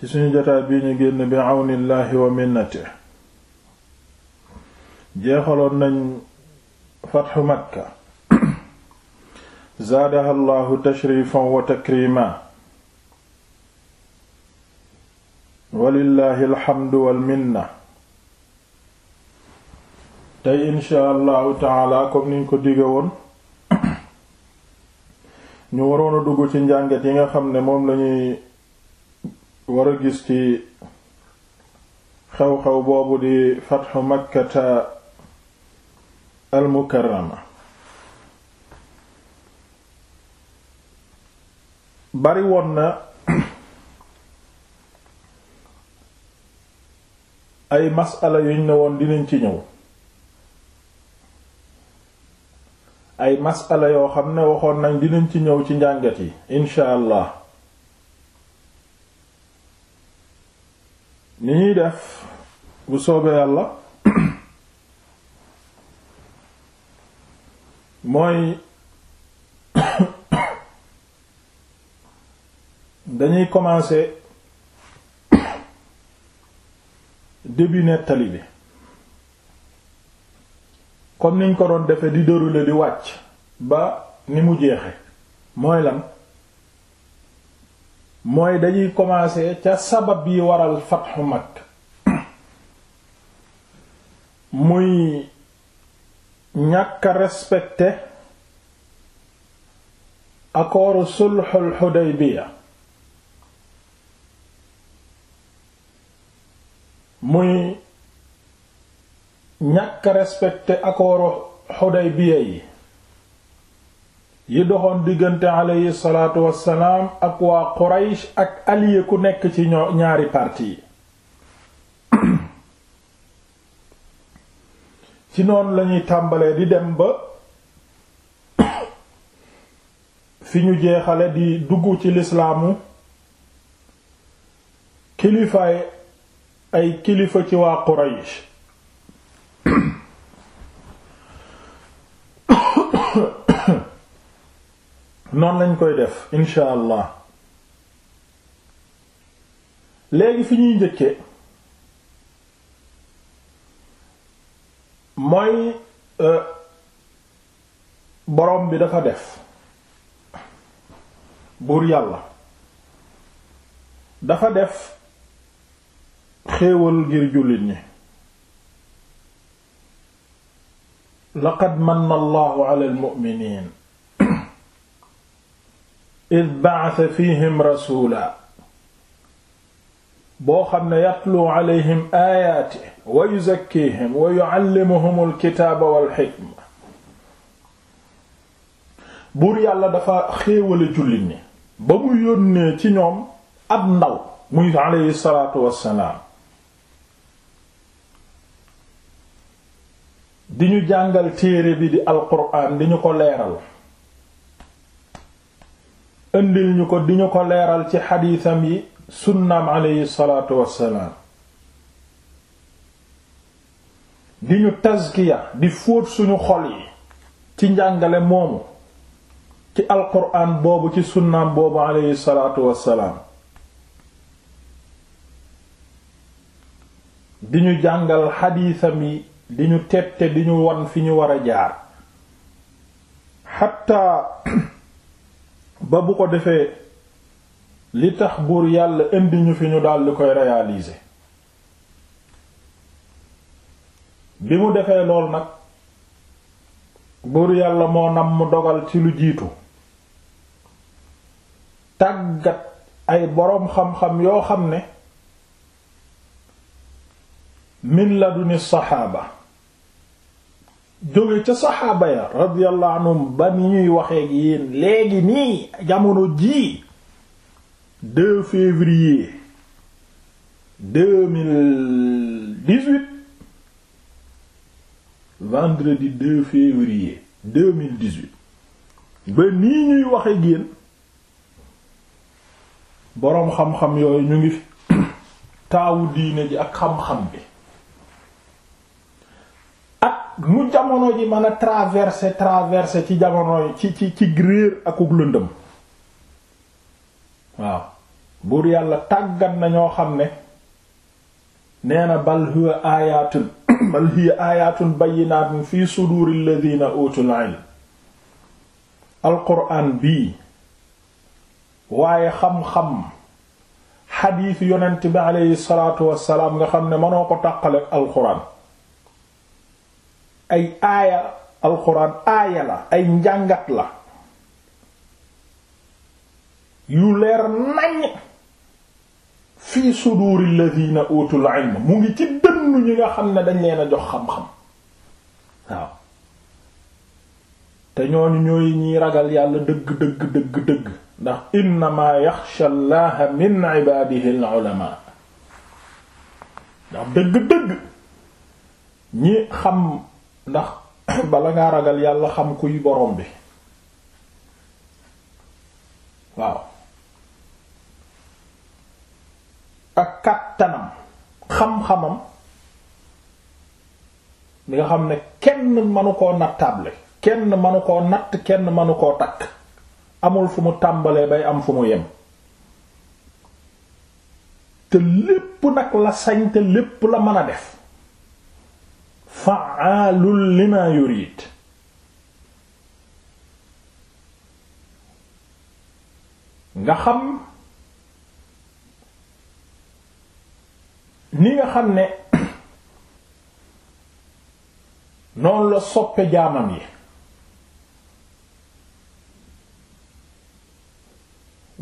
ci suñu jotaay bii ñu génn bi àwnillaahi wa minnati jeexaloon nañ fatxu makka zaadaha allahu tashrifan wa takrima walillaahi alxamdu wal tey insha allahu taala comme niñ ko dige woon ñu waroon dugg ci njànget yi nga xam ne moom lañuy war a gis ci xew-xew boobu di fatxu makkata almukarrama bari woon na ay masala yuñ ne woon dinañ ci ñëw ay masala yoo xam ne waxoon nañ dinañ ci ñëw ci njàngat yi incha allah ni ñuy def bu soobee yàlla mooy dañuy commencer début nettali bi comme niñ ko doon defee di dérouler di wàcc ba ni mu jeexe mooy lan mooy dañuy commencer ca sabab yi waral fatxu Makka muy ñàkk a respecter accord sulxul Xudaybiya muy ñàkk a respecter accord Xudaybiya yi yi doxoon diggante aleyhi wassalaam ak waa Quraysh ak allié ku nekk ci ñoo ñaari parti yi ci noonu lañuy tàmbalee di dem ba fi ñu jeexale di dugg ci lislaamu kilifaay ay kilifa ci waa Quraysh noonu lañ koy def incha allah léegi fi ñuy njëkke mooy euh, borom bi dafa def buur yàlla dafa def xéewal ngir jullit ñi laqad manna allahu ala almu'minin id ba'atha boo xam ne yatlu alayhim aayaati wa yuzakkiihim wa yu'allimuhumul kitaaba wal xikma buur yàlla dafa xéewale jullit ni ba mu yónnee ci ñoom ab ndaw muy alayhi di ñu jàngal téere bi di alquraan di ñu ko leeral indil ñu ko di ñu ko leeral ci xadiisam yi sunnaam aleyhi salaatu wassalaam di ñu tazkiya di fóot suñu xol yi ci njàngale moomu ci alquraan boobu ci sunnaam boobu aleyhi salaatu wassalaam di ñu jàngal xadiisam yi di ñu tette di ñu won fi ñu war a jaar xatta ba bu ko defee li tax buur yàlla indi ñu fi ñu daldi koy réaliser bi mu defee lool nag buur yàlla moo nam mu dogal ci lu jiitu tàggat ay boroom xam-xam yoo xam ne du laduni saxaaba jóge ca saxaaba ya radiyallahu anhum ba ni ñuy waxee ak yéen léegi nii jamono jii 2 février 2018 vendredi 2 février ba nii ñuy waxee ak boroom xam-xam yooyu ñu ngi fi taawu diine ji ak xam-xam bi nu jamono ji mën a traverser traverser ci jamono ci ci ci réer ak ug lëndëm waaw buur yàlla tàggat na ñoo xam ne nee na bal huwa ayatun bal hiya ayatun bayyinatun fi suduril ladina utul ilm bii waaye xam-xam xadiis yonent bi aleyhi salatu wasalaam nga xam ne mënoo ko tàqale alquran ay aaya alxuraan aaya la ay njàngat la yu leer nañ fii suduuri alladhina utul ilm mu ngi ci dënnu ñi nga xam ne dañ leen a jox xam-xam waaw te ñooñu ñooy ñiy ragal yàlla dëgg dëgg dëgg dëgg ndax innama yaxsha allaha min ibadihi al ndax dëgg dëgg ñi xam ndax bala ngaa ragal yàlla xam kuy borom bi waaw ak kàttanam xam-xamam bi xam ne kenn mënu koo nattable kenn mënu koo natt kenn mënu koo takk amul fu mu tàmbalee bay am fu mu yem te lépp nag la sañ te lépp la mën a def fa'aalul lima yurid nga xam ni nga xam ne noonu la soppe jaamam yi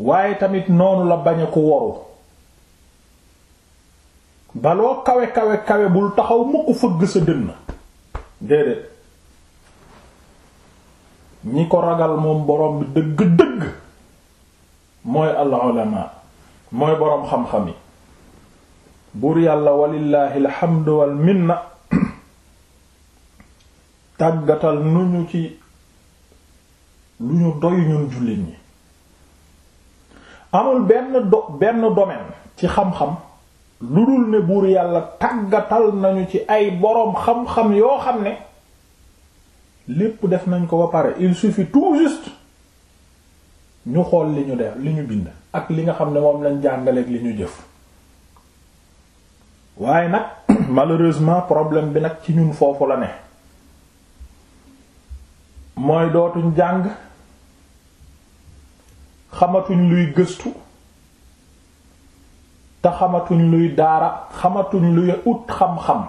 waaye tamit noonu la bañ a ko woru baloo kawe kawe kawe bul taxaw mukk fëgg sa dënn déedéet ñi ko ragal moom borom dëgg-dëgg mooy al ulama mooy boroom xam-xam yi buur yàlla walillaahi alhamdu wal tàggatal nu ñu ci lu ñu doy ñun jullit ñi amul benn do benn domaine ci xam-xam lu dul ne buur yàlla tàggatal nañu ci ay boroom xam-xam yoo xam ne lépp def nañ ko ba pare il suffit tout juste ñu xool li ñu def li ñu bind ak li nga xam ne moom lañ jàngaleek li ñu jëf waaye nag malheureusement problème bi nag ci ñun foofu la ne mooy dootuñ jàng xamatuñ luy gëstu te xamatuñ luy daara xamatuñ luy ut xam-xam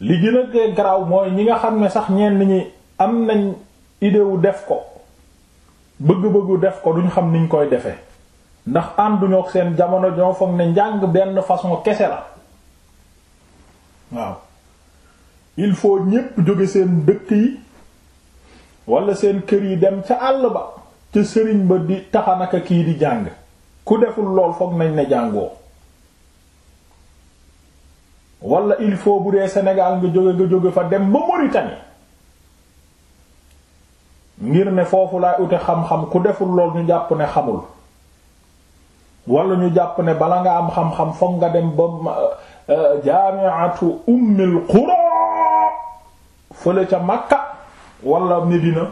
li gën a garaaw mooy ñi nga xam ne sax ñenn ñi am nañ idée def ko bëgg-bëggu def ko duñ xam niñ koy defe ndax ànduñoo seen jamono ñoo foog ne njàng benn façon kese la waaw il faut ñépp jóge seen dëkk yi walla seen kër yi dem ca àll ba ca sëriñ ba di taxanaka kii di jàng ku deful lool foog nañ ne jàngoo wala il faut bu dee Sénégal nga jóge nga jóge fa dem ba Mauritanie ngir ne foofu laay ute xam-xam ku deful lool ñu jàpp ne xamul wala ñu jàpp ne bala nga am xam-xam foog nga dem ba euh, euh, jaami'atu ummil qura fële ca Makka wala Médina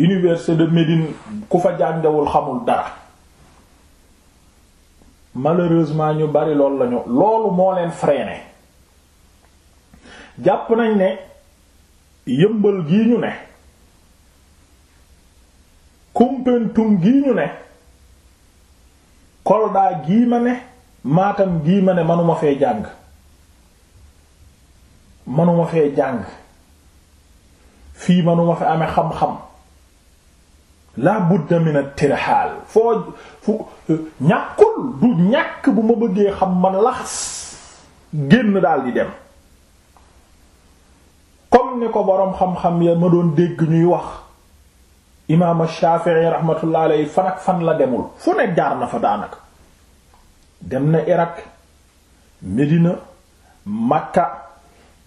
université de Médine ku fa jàngewul xamul dara malheureusement ñu bari lool lañu loolu moo leen freiné jàpp nañ ne yëmbal gii ñu ne kumpentum gii ñu ne koldaa gii ma ne maatam gii ma ne manuma fee jàng manuma fee jàng fii manuma fi ame xam-xam la budda min at-tirhal foo fu ñàkkul du ñàkk bu ma bëggee xam man laxas génn daal di dem comme ni ko boroom xam-xam ya ma doon dégg ñuy wax imaam Shafi'i rahmatullah alayhi fan ak fan la demul fu ne jaar na fa daanaka dem na Irak Médina Makka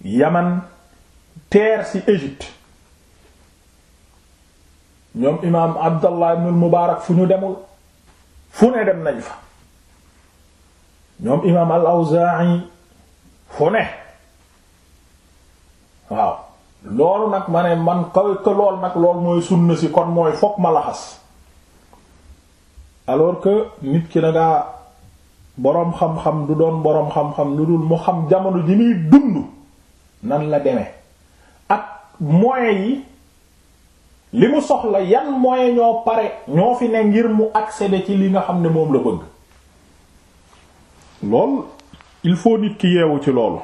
Yaman teer ci Égypte ñoom imaam abdallah ibn mubaarak fu ñu demul fu ne dem nañ fa ñoom imaam al awzaa'i fu ne waaw loolu nag ma ne man kaw que lool nag lool mooy sunna si kon mooy fokk ma laxas alors que nit ki na boroom xam-xam du doon boroom xam-xam lu dul mu xam jamono ji muy dund nan la deme ak moyens yi li mu soxla yan moyen ñoo pare ñoo fi ne ngir mu accéder ci li nga xam ne moom la bëgg lool il faut nit ki yeewu ci loolu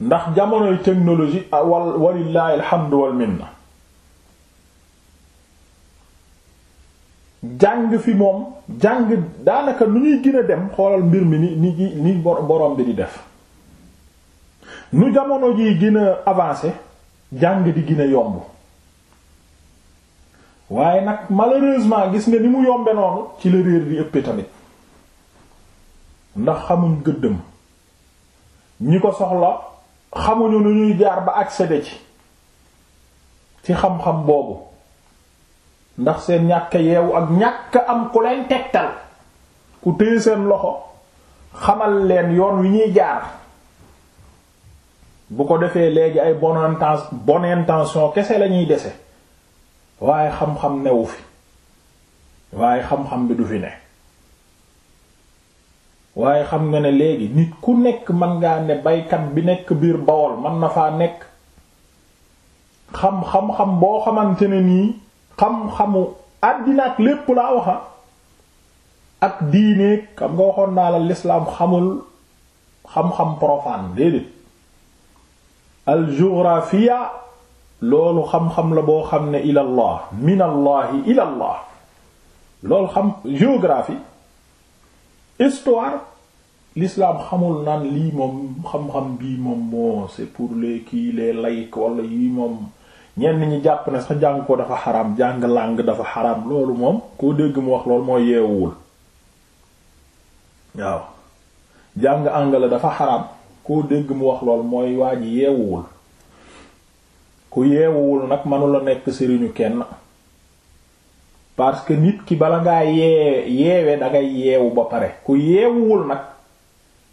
ndax jamonoy technologie ah, wal walillahi alhamdu wal minna jàng fi moom jàng daanaka nu ñuy gën a dem xoolal mbir mi ni ni ni borom bi di def nu jamono ji gën a avancer jàng di gën yomb waaye nag maloreusement gis nga ni mu yombe noonu ci la réer bi ëppee tamit ndax xamuñ gëddëm ñi ko soxla xamuñu lu ñuy jaar ba ak accéder ci ci xam-xam boobu ndax seen ñàkk yeewu ak ñàkk am ku leen tegtal ku téye seen loxo xamal leen yoon wi ñuy jaar bu ko defee léegi ay bonne intention kese lañuy dese waaye xam-xam newu fi waaye xam-xam bi du fi ne waaye xam nga ne léegi nit ku nekk mën ngaa ne baykat bi nekk biir Bawol man na faa nekk xam-xam-xam boo xamante nii xam-xamu àddina ak lépp laa waxa ah. ak diine xam nga waxoon naa la l'islam xamul xam-xam profane déedéet aljughrafiya loolu xam-xam la boo xam ne ilallah minallahi ilallah loolu xam géographie histoire l'islam xamul naan lii moom xam-xam bii moom moo c'est pour les kii les laïcs wala yii moom ñenn ñi jàpp na sax jàng ko dafa xaram jàng langue dafa xaram loolu moom koo dégg mu wax loolu moo yeewuwul waaw jàng anglais dafa xaram koo dégg mu wax lool mooy waa ji yeewuwul ku yeewuwul nag manula nekk sëriñu kenn parce que nit ki bala ngaa yeewe dangay yeewu ba pare ku yeewuwul nag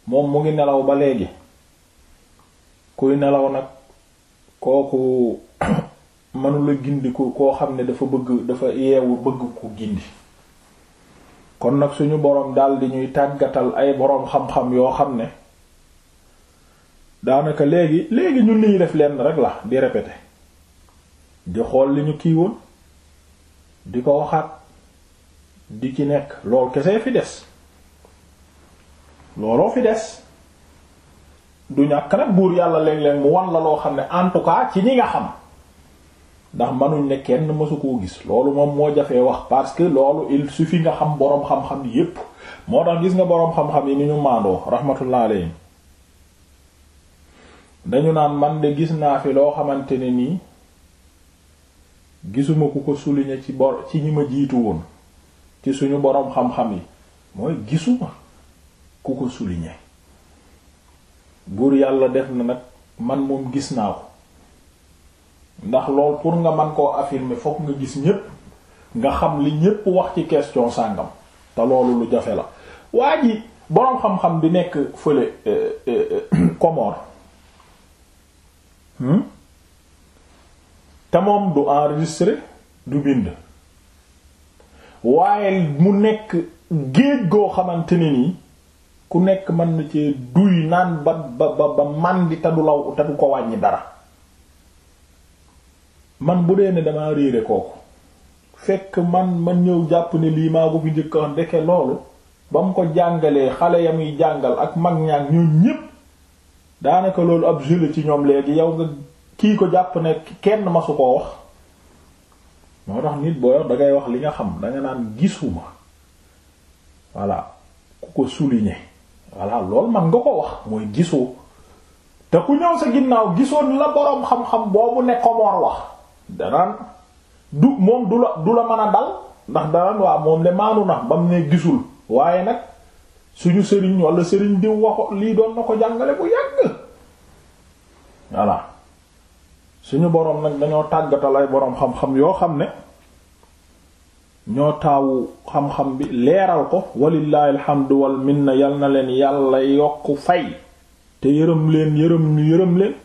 moom mu ngi nelaw ba léegi kuy nelaw nag kooku manula gindi ku koo xam ne dafa bëgg dafa yeewu bëgg ku gindi kon nag suñu boroom daldi ñuy tàggatal ay boroom xam-xam yoo xam ne daanaka léegi léegi ñun li ñu def lenn rek la di répéter di xool li ñu kii woon di ko waxaat di ci nekk lool kese fi des looloo fi des du ñàkk nag buur yàlla léeg-léeg mu wan la loo xam ne en tout cas ci ñi nga xam ndax mënuñ ne kenn mësu koo gis loolu moom moo jafee wax parce que loolu il suffit nga xam boroom xam-xam yépp moo tax gis nga boroom xam-xam yi ni ñu maandoo rahmatullah alayhi dañu naan man de gis naa fi loo xamante ne nii gisuma ku ko souligner ci bor ci ñi ma jiitu woon ci suñu boroom xam-xam yi mooy gisuma ku ko souligner buur yàlla def na nag man moom gis naa ko ndax lool pour nga man koo affirmer fokk nga gis ñépp nga xam li ñépp wax ci question sàngam te loolu lu jafe la waa ji boroom xam-xam bi nekk fële euh, euh, euh, Comore Hmm? te moom du enregistré du bind waaye mu nekk géej goo xamante ne nii ku nekk mën na cee duy naan ba ba ba man di te du law te du ko wàññi dara man bu dee ne damaa réere kooku fekk man man ñëw jàpp ne lii maa ko fi njëkk a ndeke loolu ba mu ko jàngalee xale ya muy jàngal ak mag ñaag ñoo ñépp daanaka loolu ab jule ci ñoom léegi yow nga kii ko jàpp ne kenn masu koo wax moo tax nit boo yor dangay wax li nga xam danga naan gisuma voilà ku ko souligner voilà loolu man nga ko wax mooy gisoo te ku ñëw sa ginnaaw gisoon la boroom xam-xam boobu ne komoor wax danaan du moom du la du la mën a dal ndax danaan waa moom de na ba mu ne gisul waaye nag suñu sëriñ wala sëriñ diw waxo lii doon na ko jàngale bu yàgg voilà suñu boroom nag dañoo tàggatal ay boroom xam-xam yoo xam ne ñoo taawu xam-xam bi leeral ko walillahi alhamdu wal minna yal na leen yàlla yokk fay te yërëm leen yërëm ñu yërëm leen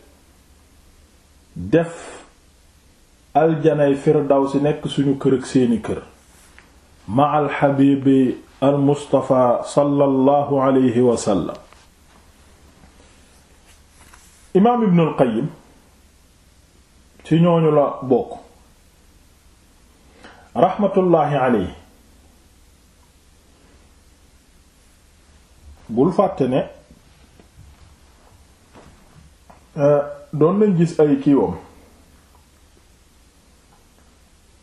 def aljanay firdaw si nekk suñu kër ak seeni kër ma alxabibi al Mustafa sallallahu alayhi wa sallam imaam Ibn al Qayyim ci ñooñu la bokk raxmatullaahi alayhi bul fàtte ne euh, doon nañ gis ay kiiwam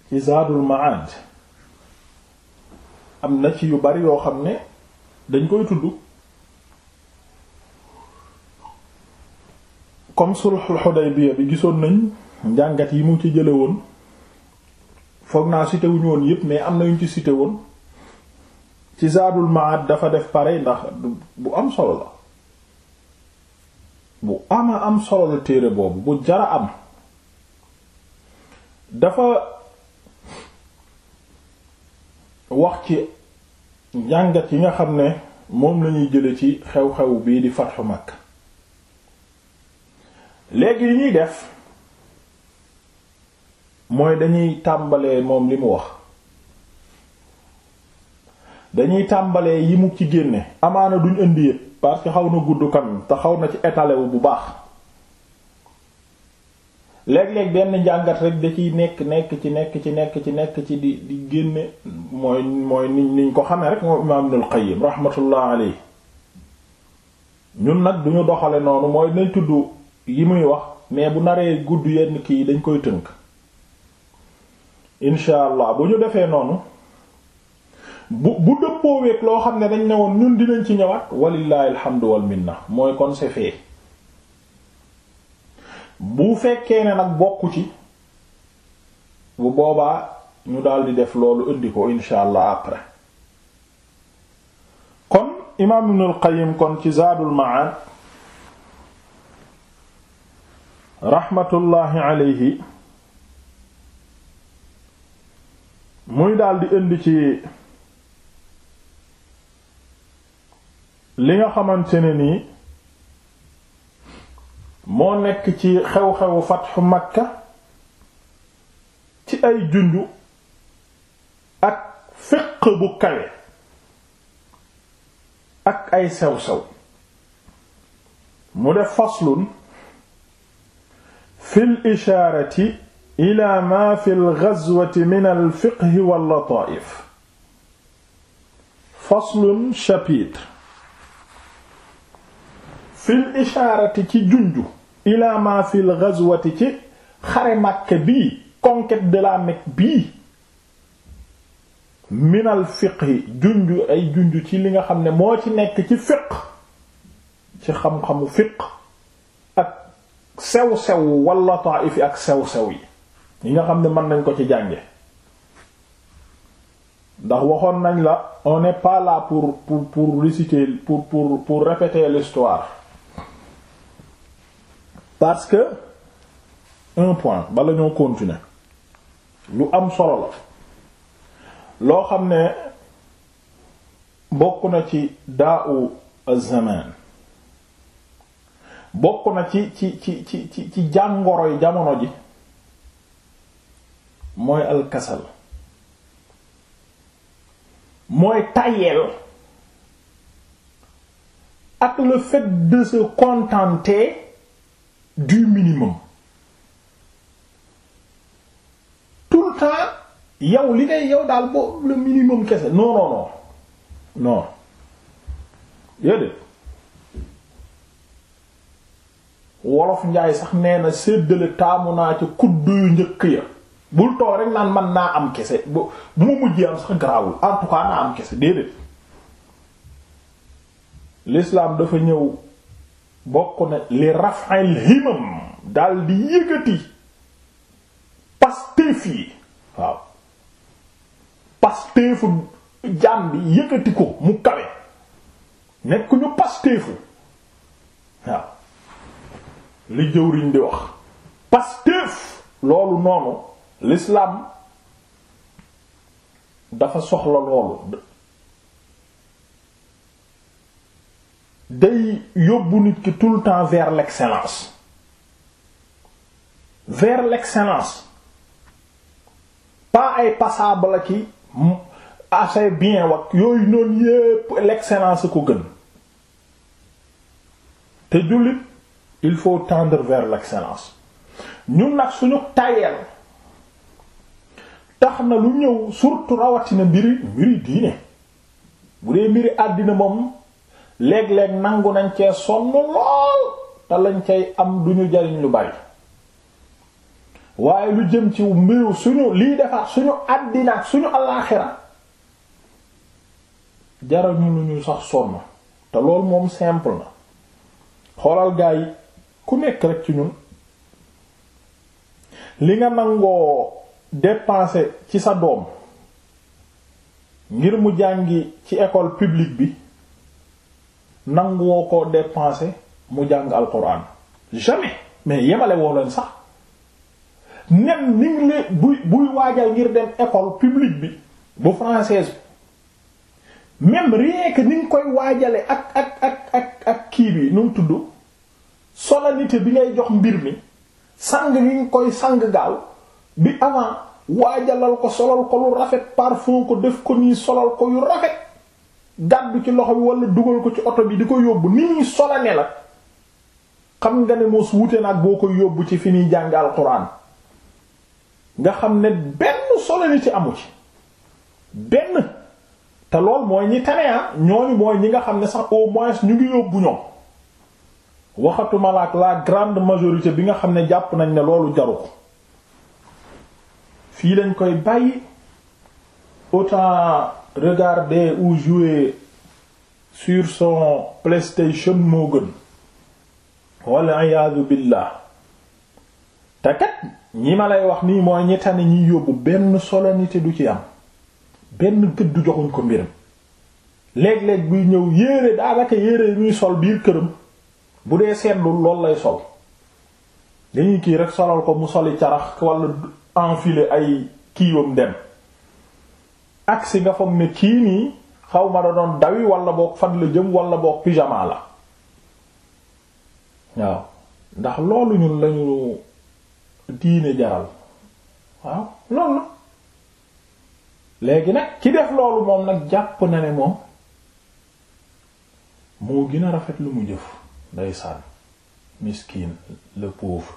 ci Zaadul Ma'aad am na yu bari yoo xam ne dañ koy tudd comme sulhul Hudaybiya bi gisoon nañ njàngat yi mu ci jële woon foog naa cité wuñu woon yépp mais am na yuñ ci cité woon ci Zaadul Ma'ad dafa def pare ndax bu am solo la bu am a am solo la téere boobu bu jara am dafa wax ci jàngat yi nga xam ne moom lañuy jële ci xew-xew bii di fatxu Makka léegi li ñuy def mooy dañuy tàmbalee moom li mu wax dañuy tàmbalee yi mu ci génne amaana duñ indi yépp parce que xaw na gudd kam te xaw na ci étalé bu baax léeg-léeg benn njàngat rek da ciy nekk nekk ci nekk ci nekk ci nekk ci di di génne mooy mooy ni niñ ko xamee rek moom imaam Ibnul Qayyim rahmatullah alayhi ñun nag duñu doxale noonu mooy nañ tudd yi muy wax mais bu naree gudd yenn kii yi dañ koy tënk incha allah bu ñu defee noonu bu bu dëppoo week loo xam ne dañ ne woon ñun dinañ ci ñëwaat walillahi alhamdu wal minna mooy kon c'est bu fekkee ne nag bokku ci bu boobaa ñu daldi def loolu indi ko insha allah après kon imaam ibnul qayyim kon ci zaadul ma'aad raxmatullaahi alayhi muy daldi indi ci li nga xamante ne nii moo nekk ci xew-xewu fatxu makka ci ay junju ak fiq bu kawe ak ay sew-sew mu def faslun fi lishaarati ila ma fi lgazwati min alfiqhi wallataaif faslun chapitre fil ishaarati ci junju ila ma fil ghazwati ci xare Makka bii conquête de la Mecque bii minal fiqhi junju ay junj ci li nga xam ne moo ci nekk ci fiq ci xam-xamu fiqh ak sew-sew wala taaifi ak sew-sew yi yi nga xam ne mën nañ ko ci jànge ndax waxoon nañ la on n'est pas pour pour pour réciter l'histoire parce que un point bala ñoo continuer lu am solo la loo xam ne bokk na ci daa'u az-zaman bokk na ci ci ci ci ci ci jàngoroy jamono ji mooy alkasal mooy tayel ak le fait de du minimum tout le temps yow li ngay yow daal boobu le minimum kese non non non non wolof njaay sax nee na séddale taamu naa ca kuddu njëkk ya bul too rek naan man naa am kese bu bu mu mujjee am sax garaawul en naa am kese déedéet l'islam dafa ñëw bokk na li raf'il himam dal di yëkkati pastéef yi waaw pastéefu jaam bi yëkkati ko mu kawe nekk ñu pastéefu waaw li jëwriñ di wax pastéef loolu noonu l'islam dafa soxla loolu day yóbbu nit ki tout le temps vers l'excellence vers l'excellence pas ay passable la ki assez bien wax yooyu noonu yépp l'excellence ko gën te jullit il faut tendre vers l'excellence ñun nag suñu tayeel tax na lu ñëw surtout rawatina mbiri mbiri diine bu dee mbiri àddina moom léeg-léeg nangu nañ cee sonn lool te lañ cay am duñu jariñ lu bari waaye lu jëm ci mbiru suñu liy defar suñu àddina ak suñu alaaxira jarañu lu ñu sax sonn te loolu moom simple na xoolal gaa ku nekk rek ci ñun li nga nangoo dépenser ci sa doom ngir mu jàngi ci école publique bi nanguwoo ko dépenser mu jàng alquran jamais mais yemale woo leen sax nem ni ngi le buy buy waajal ngir dem école publique bi bu française même rien que ni nga koy waajale ak ak kii bi nu mu tudd solennité bi ngay jox mbir mi sang gi nga koy sang gaaw bi avant waajalal ko solal ko lu rafet parfum ko def ko nii solal ko yu rafet gàddu ci loxo bi wala dugal ko ci oto bi di ko yóbbu ni muy solane la xam nga ne moos wute na ak boo ko yóbbu ci fi muy jàng alxuraan nga xam ne benn solane ci amu ci benn te lool mooy ñi tane ah ñooñu mooy ñi nga xam ne sax au moins ñu ngi yóbbu ñoom waxatuma la ak la grande majorité bi nga xam ne jàpp nañ ne loolu jaru ko fii lañ koy bàyyi autant regarder ou jouer sur son PlayStation moo gën walla iyaadu billah te kat ñi ma lay wax nii mooy ñi tane ñi yóbbu benn solennité du ci am benn gëdd du joxuñ ko mbiram léeg-léeg buy ñëw yére daanaka yére yi muy sol biir këram bu dee seetlul lool lay sol dañuy kii rek solal ko mu soli carax walla enfilé ay kiiwam dem agsi nga foog ne kii nii xaw ma da doon dawi wala boog fan la jëm wala boog pyjama la waaw ndax loolu ñun lañu diine jaral waaw loolu la léegi nag ki def loolu moom nag jàpp na ne moom moo gën a rafet lu mu jëf day sànn miskin le pauvre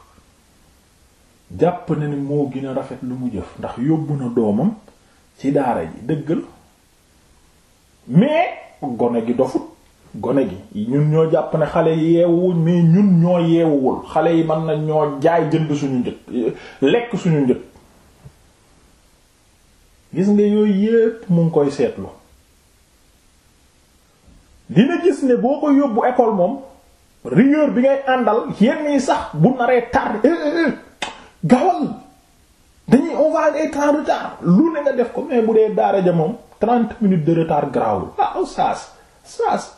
jàpp na ne moo gën a rafet lu mu jëf ndax yóbbu na doomam ci daara ji dëgg mais gone gi dofut gone gi ñun ñoo jàpp ne xale yeewu yeewuwuñ mais ñun ñoo yeewuwul xale yi mën na ñoo jaay jënd suñu njëg lekk suñu njëg gis nga yooyu yépp mu ngi koy seetlu dina gis ne boo ko yóbbu école moom rigueur bi ngay àndal yenn yi sax bu naree tard eh, eh, eh, gaawal dañuy on va être en retard lu ne nga def ko mais bu dee daara ja moom trente minutes de retard grawul ah oustaz oustaz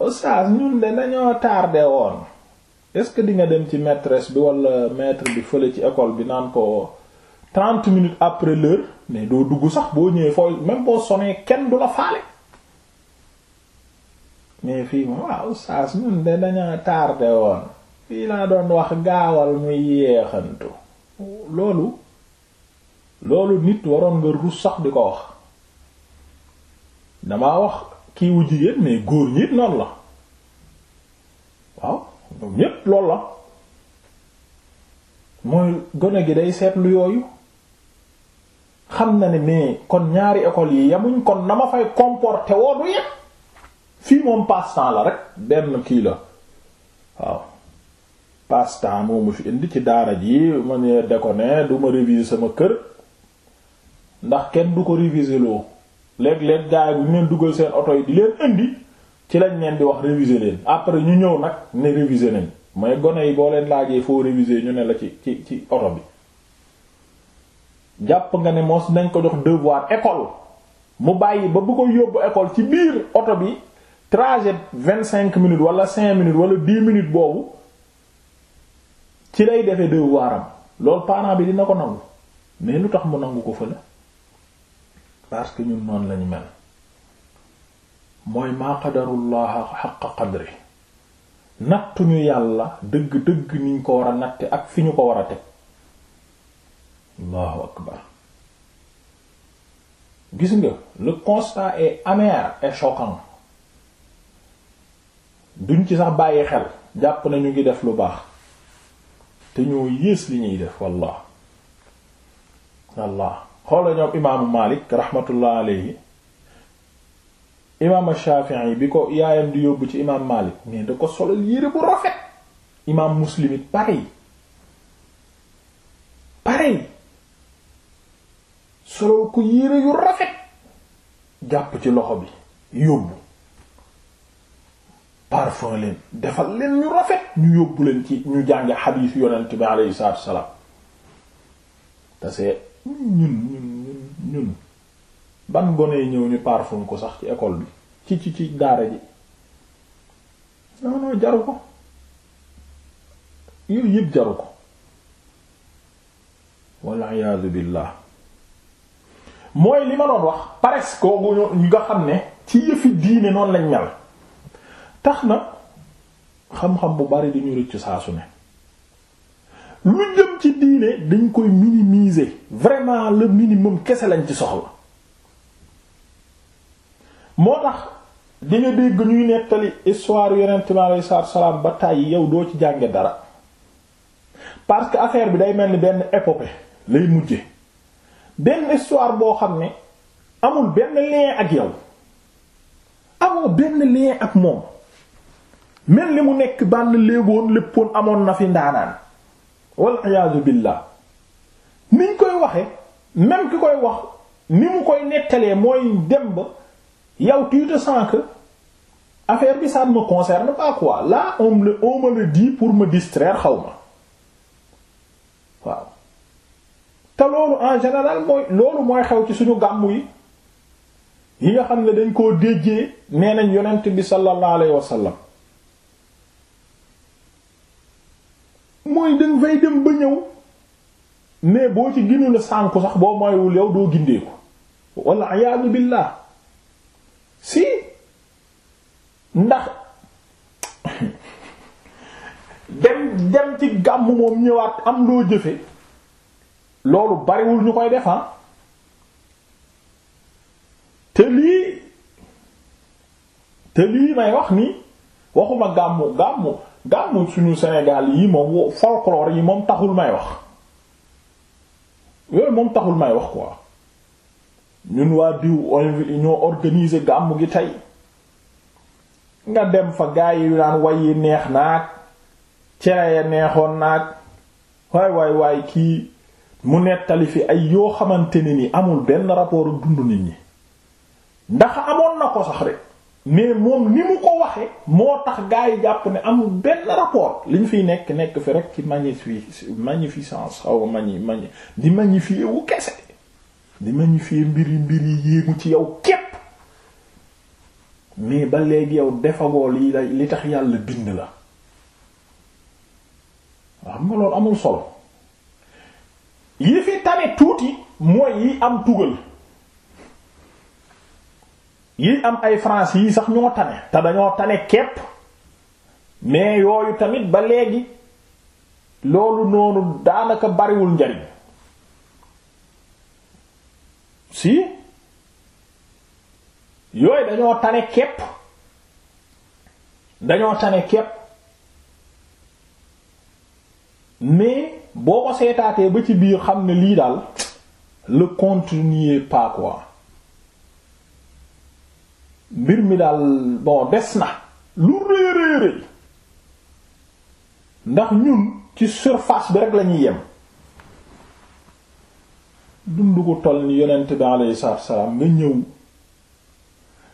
oustaz ñun de dañoo tardé woon est-ce que di nga dem ci maîtresse bi wala maître bi fële ci école bi naan ko trente minutes après l'heure mais doo dugg sax boo ñëwee fooy même boo sonee kenn du la faale mais fii moom waaw oustaz ñun de dañoo tardé woon fii laa doon wax gaawal muy yeexantu loolu loolu nit waroon nga rus sax di ko wax damaa wax kiiwu wu jigéen mais góor ñi noon la waaw ñoom ñépp loolu la mooy gone gi day seetlu yooyu xam na ni mais kon ñaari école yi yamuñ kon na ma fay comporter woo du yépp fii moom passe la rek benn kii la waaw passe-temps moomu fi indi ci daara ji ma ne de ko ne du ma réviser sama kër. ndax kenn du ko réviser loo léeg-léeg gaay bu leen dugal seen oto yi di leen indi ci lañ leen di wax réviser leen après ñu ñëw nag ne réviser nañ mooy gone yi boo leen laajee foo réviser ñu ne la ci ci ci oto bi jàpp nga ne mos nañ ko jox devoir école mu bàyyi ba bu ko yóbbu école ci biir oto bi trajet vingt cinq minutes wala cinq minutes wala dix minutes boobu ci lay defee devoiram loolu parent bi dina ko nangu mais lu tax mu nangu ko fële parce que ñu noonu lañu mel mooy maa qadarullah xaq qadri nattuñu yàlla dëgg-dëgg niñ ko war a natte ak fi ñu ko war a teg allahu akbar gis nga le constat est amer et choquant duñ ci sax bàyyi xel jàpp ñu ngi def lu baax te ñoo yées li ñuy def wallah wallah xoola ñoom imaamu Malik rahmatullah alayhi imaam Shafi'i bi ko yaayam di yóbbu ci imaam Malik mais da ko solal yére bu rafet imaam Muslim it pareil pareil solal ko yére yu rafet jàpp ci loxo bi yóbbu parfum leen defal leen ñu rafet ñu yóbbu leen ci ñu jànge xadiisu yonent bi alayhi salaatu wa salaam te ñun ban gone ñëw ñu parfum ko sax ci école bi ci ci ci daara ji non non jaru ko yooyu yëpp jaru ko walla iyaadu billaah mooy li ma doon wax presque kooku ñu nga xam ne ci yëfi diine noonu lañ ñal tax na xam-xam bu bari di ñu rëcc saa su ne lu jëm ci diine dañ koy minimiser vraiment le minimum kese lañ ci soxla moo tax di nga dégg ñuy nettali histoire yonent bi salaam ba tàyyi yow doo ci jànge dara parce que affaire bi day mel ni benn épopée lay mujje benn histoire boo xam ne amul benn lien ak yow amoo benn lien ak moom mel ni mu nekk bànn léegoon léppoon amoon na fi ndaanaan wal iyaazu billah niñ koy waxee même ki koy wax ni mu koy nettalee mooy dem ba yow tu affaire bi ça ne me concerne quoi là on me on me le pour me distraire xaw ma waaw te loolu en général mooy loolu mooy xew ci suñu gàmmu yi yi nga xam ne dañ koo déjee nee nañ yonent bi sallallahu alayhi wa mooy danga fay dem ba ñëw mais boo ci ginu la sànku sax boo moywul yow doo gindeeku walla ayaadu billaah si ndax dem dem ci gàmm moom ñëwaat am loo jëfe loolu bariwul ñu koy defar ah. te lii te lii may wax ni waxuma gàmmu gàmmu gàmmu suñu Sénégal yi moom folklore yi moom taxul may wax yooyu moom taxul may wax quoi ñun waa diw ñoo organiser gàmmu gi tey nga dem fa gaa yi naan way yi neex naag cere ya neexoon naag waaye waay waay kii mu nettali fi ay yoo xamante ne ni amul benn rapport dund nit ñi ndax amoon na ko sax rek mais moom ni mu ko waxee moo tax gaa yi jàpp ne amul benn rapport li ñu fiy nekk nekk fi rek ci fi magnificence xaw magni magni di magnifier wu kese di magnifier mbiri mbiri yéemu ci yow képp mais ba léegi yow defagoo li la li tax yàlla bind la waaw xam nga loolu amul solo yi fi tane tuuti mooy yi am tugal yi am ay France yii sax ñoo tane te dañoo tane képp mais yooyu tamit ba léegi loolu noonu daanaka bariwul njariñ si yooyu dañoo tane képp dañoo tane képp mais boo ko seetaatee ba ci biir xam ne lii daal le compte n'y mbir mi daal bon des na lu réeréeréy ndax ñun ci surface bi rek lañuy yem dundu ko toll ni yonent bi alayhi salaatu wassalaam nga ñëw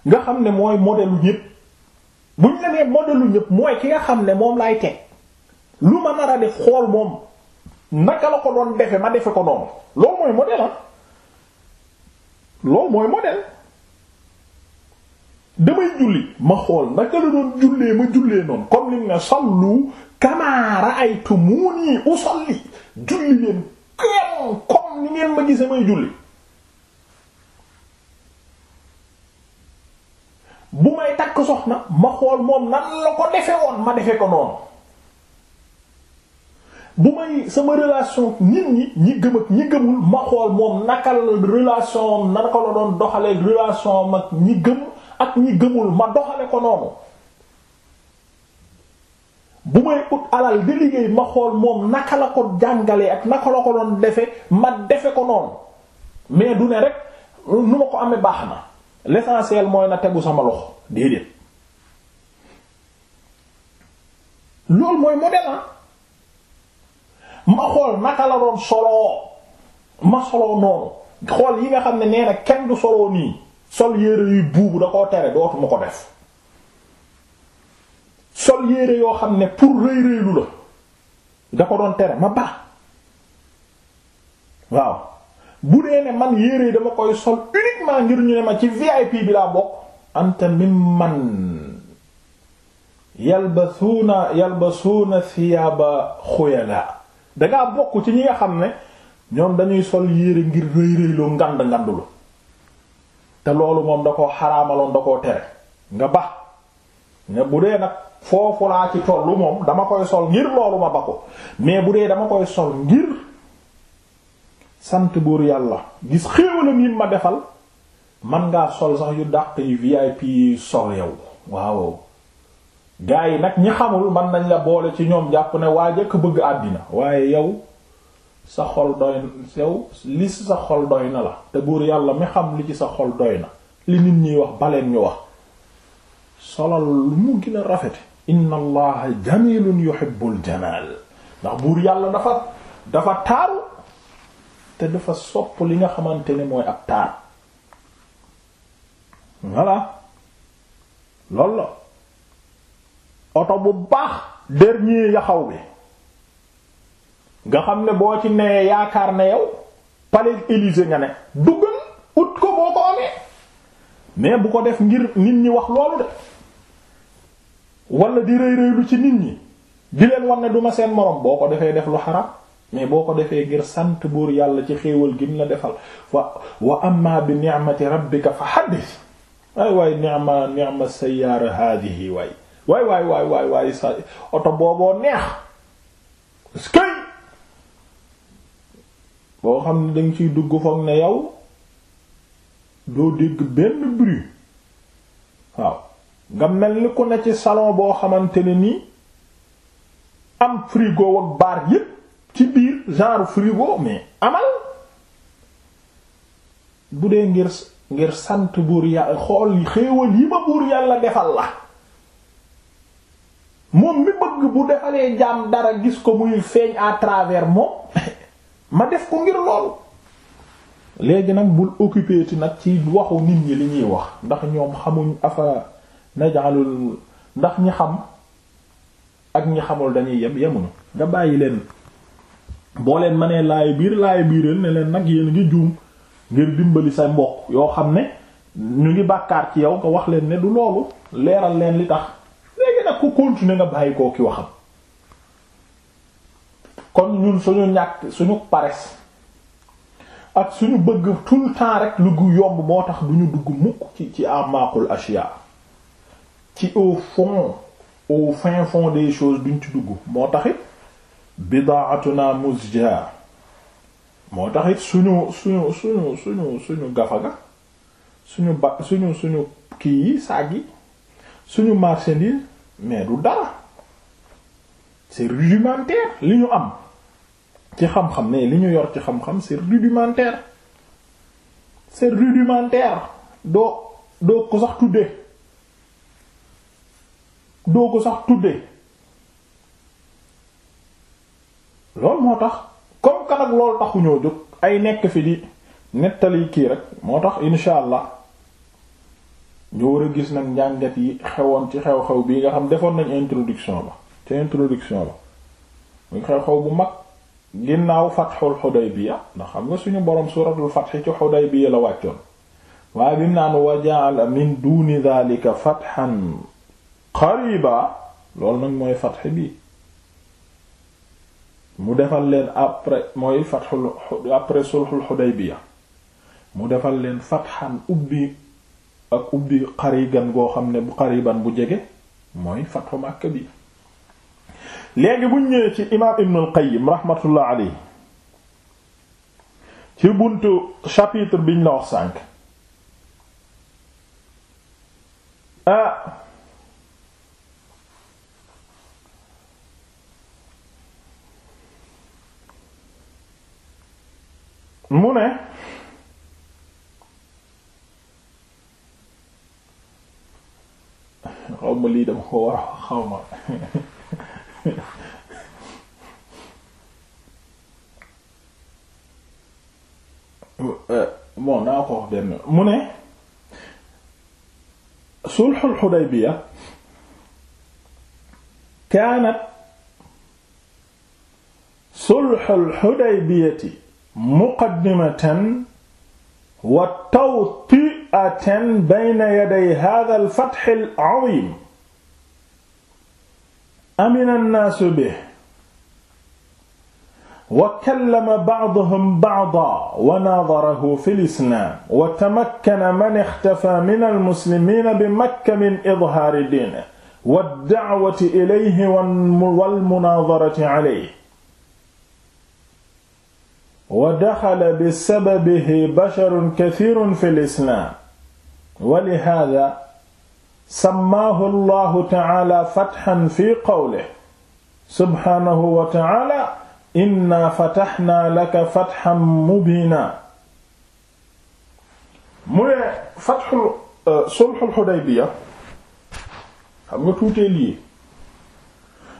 nga xam ne mooy modelu ñépp bu ñu la nee modelu ñépp mooy ki nga xam ne moom laay teg lu ma nar def xool moom naka la ko doon defe ma defe ko doon loolu mooy modèle ah. loolu mooy modèle damay julli ma xool naka la doon jullee ma jullee noonu comme ni nga sallu kamaa ra'aytumuunii usalli julli leen kenn ni ngeen ma gisee may julli bu may takk soxna ma xool moom nan la ko defe woon ma defe ko noonu bu may sama relation nit ñi ñi gëm ak ñi gëmul ma xool moom naka la relation naka la doon doxalee relation am ak ñi gëm ak ñi gëmul ma doxale ko noonu bu may ut alal di liggéey ma xool moom naka la ko jàngalee ak naka la ko doon defe ma defe ko noonu mais du ne rek nu ma ko amee baax na l'essentiel mooy na tegu sama loxo déedéet loolu mooy modèle ah. ma xool naka la doon soloo ma soloo noonu xool yi nga xam ne nee kenn du soloo nii sol yére yuy buubu da koo tere dootuma ko def sol yére yoo xam ne pour rëy rëylu la da ko doon tere ma baax waaw bu dee ne man yére yi dama koy sol uniquement ngir ñu ne ma ci VIP bi laa bokk anta mimman yalbasuuna yalbasuuna siyaaba xuyala dangaa bokk ci ñi nga xam ne ñoom dañuy sol yére ngir rëy rëyloo ngand ngandulu te loolu moom da koo xaraamaloon da koo tere nga bax ne bu dee nag foofu laa ci tollu moom dama koy sol ngir loolu ma ba ko mais bu dee dama koy sol ngir sant buur yàlla gis xéewalam yi ma defal man ngaa sol sax yu dàq yi VIP sol yow waaw gaa yi nag ñi xamul man nañ la boole ci ñoom jàpp ne waa jëkk bëgg àddina waaye yow sa xol doy sew li si sa na la te buur yàlla mi xam li ci sa xol doy na li nit ñiy wax baleen ñu wax solal lu mu gën a rafet inna allaha jamilun yuhibbul jamal ndax buur yàlla dafa dafa taal te dafa sopp li nga xamante ni mooy ab taar voilà loolu oto bu baax dernier yaxaw bi nga xam ne boo ci nee yaakaar ne yow Palais Élysée nga ne duggal ut ko boo ko amee mais bu ko def ngir nit ñi wax loolu de wala di rëy rëylu ci nit ñi di leen war ne du ma seen morom boo ko defee def lu xaram mais boo ko defee ngir sant buur yàlla ci xéewal gi mu la defal wa wa amma bi ni'mati rabbika fa haddith waay waay ni'ma ni'ma sayyaara haadihi waay waay waay waay waay waay sa oto booboo neex boo xam ne danga ciy dugg foog ne yow doo dégg benn bruit waaw nga mel ni ku ne ci salon boo xamante ne nii am frigo ak baar yépp ci biir genre frigo mais amal bu dee ngir sant buur yàlla xool xéewal yi ma buur yàlla defal la moom mi bëgg bu defalee jaam dara gis ko muy feeñ à travers moom ma def ko ngir loolu léegi nag bul occupé ti nag ci waxu nit ñi li ñuy wax ndax ñoom xamuñ afa najalul ndax ñi xam ak ñi xamul dañuy yem yemuñu nga bàyyi leen boo leen ma nee laay biir laay biiral ne leen nag yéen ngi juum ngir dimbali sa mbokk yoo xam ne ñu ngi bàkkaar ci yow nga wax leen ne du loolu leeral leen li tax léegi nag ku continuer nga bàyyi koo waxam kon ñun suñu ñàkk suñu pares ak suñu bëgg tout le temps rek lu gu yomb moo tax duñu dugg mukk ci ci amaqul ashia ci au fond au fin fond des choses duñ ci dugg moo taxit bidaatuna muzja moo taxit suñu suñu suñu suñu suñu gafaga suñu ba suñu suñu kii yi saag suñu marchandise mais du dara c'est rudimentaire li ñu am ci xam-xam ne li ñu yor ci xam-xam c'est rudimentaire c'est rudimentaire doo doo ko sax tuddee doo ko sax tuddee loolu moo tax comme que nag loolu taxuñoo jóg ay nekk fi di nettali kii rek moo tax insha allah ñu war a gis nag njànget yi xewoon ci xew-xew bii nga xam defoon nañ introduction ba te introduction ba muy xew-xew bu mag ginnaaw fatxul xudaybiya ndax xam nga suñu boroom suuratul fatxi ci xudaybiya la wàccoon waaye bi mu naan wa ja'ala min duuni daalika fatxan qariba loolu nag mooy fatx bi mu defal leen après mooy fatxul après sulxul xudaybiya mu defal leen fatxan ubbi ak ubbi xarigan goo xam ne bu xariban bu jege mooy fatxu Makka bi léegi bu ñëwee ci imaam Ibnul Qayyim rahmatullah alayhi ci buntu chapitre biñ la wax sànq ah mu ne xaw ma lii dama ko war xawma Eh, bon naa ko wax benn mu ne sulxul xudaybiya kaanat sulxul xudaybiyati muqaddimatan wa tawti'atan bayna yaday haadhal fatxil aziim amina nnaasu bi wa kallama ba'duhum ba'dan wa naadarahu fi lislaam wa tamakkana man ixtafaa mina almuslimiina bi makka min idhaari diinihi wa da'wati ilayhi wal munaadarati alayhi wa daxala bisababihi basharun kathiirun fi lislaam wa lihaadha samaahu llahu taala fatxan fi qawlihi subhaanahu wa taala inna fataxnaa laka fatxan mubiina mu ne fatxul euh, sulxul xudaybiya xam nga tuutee lii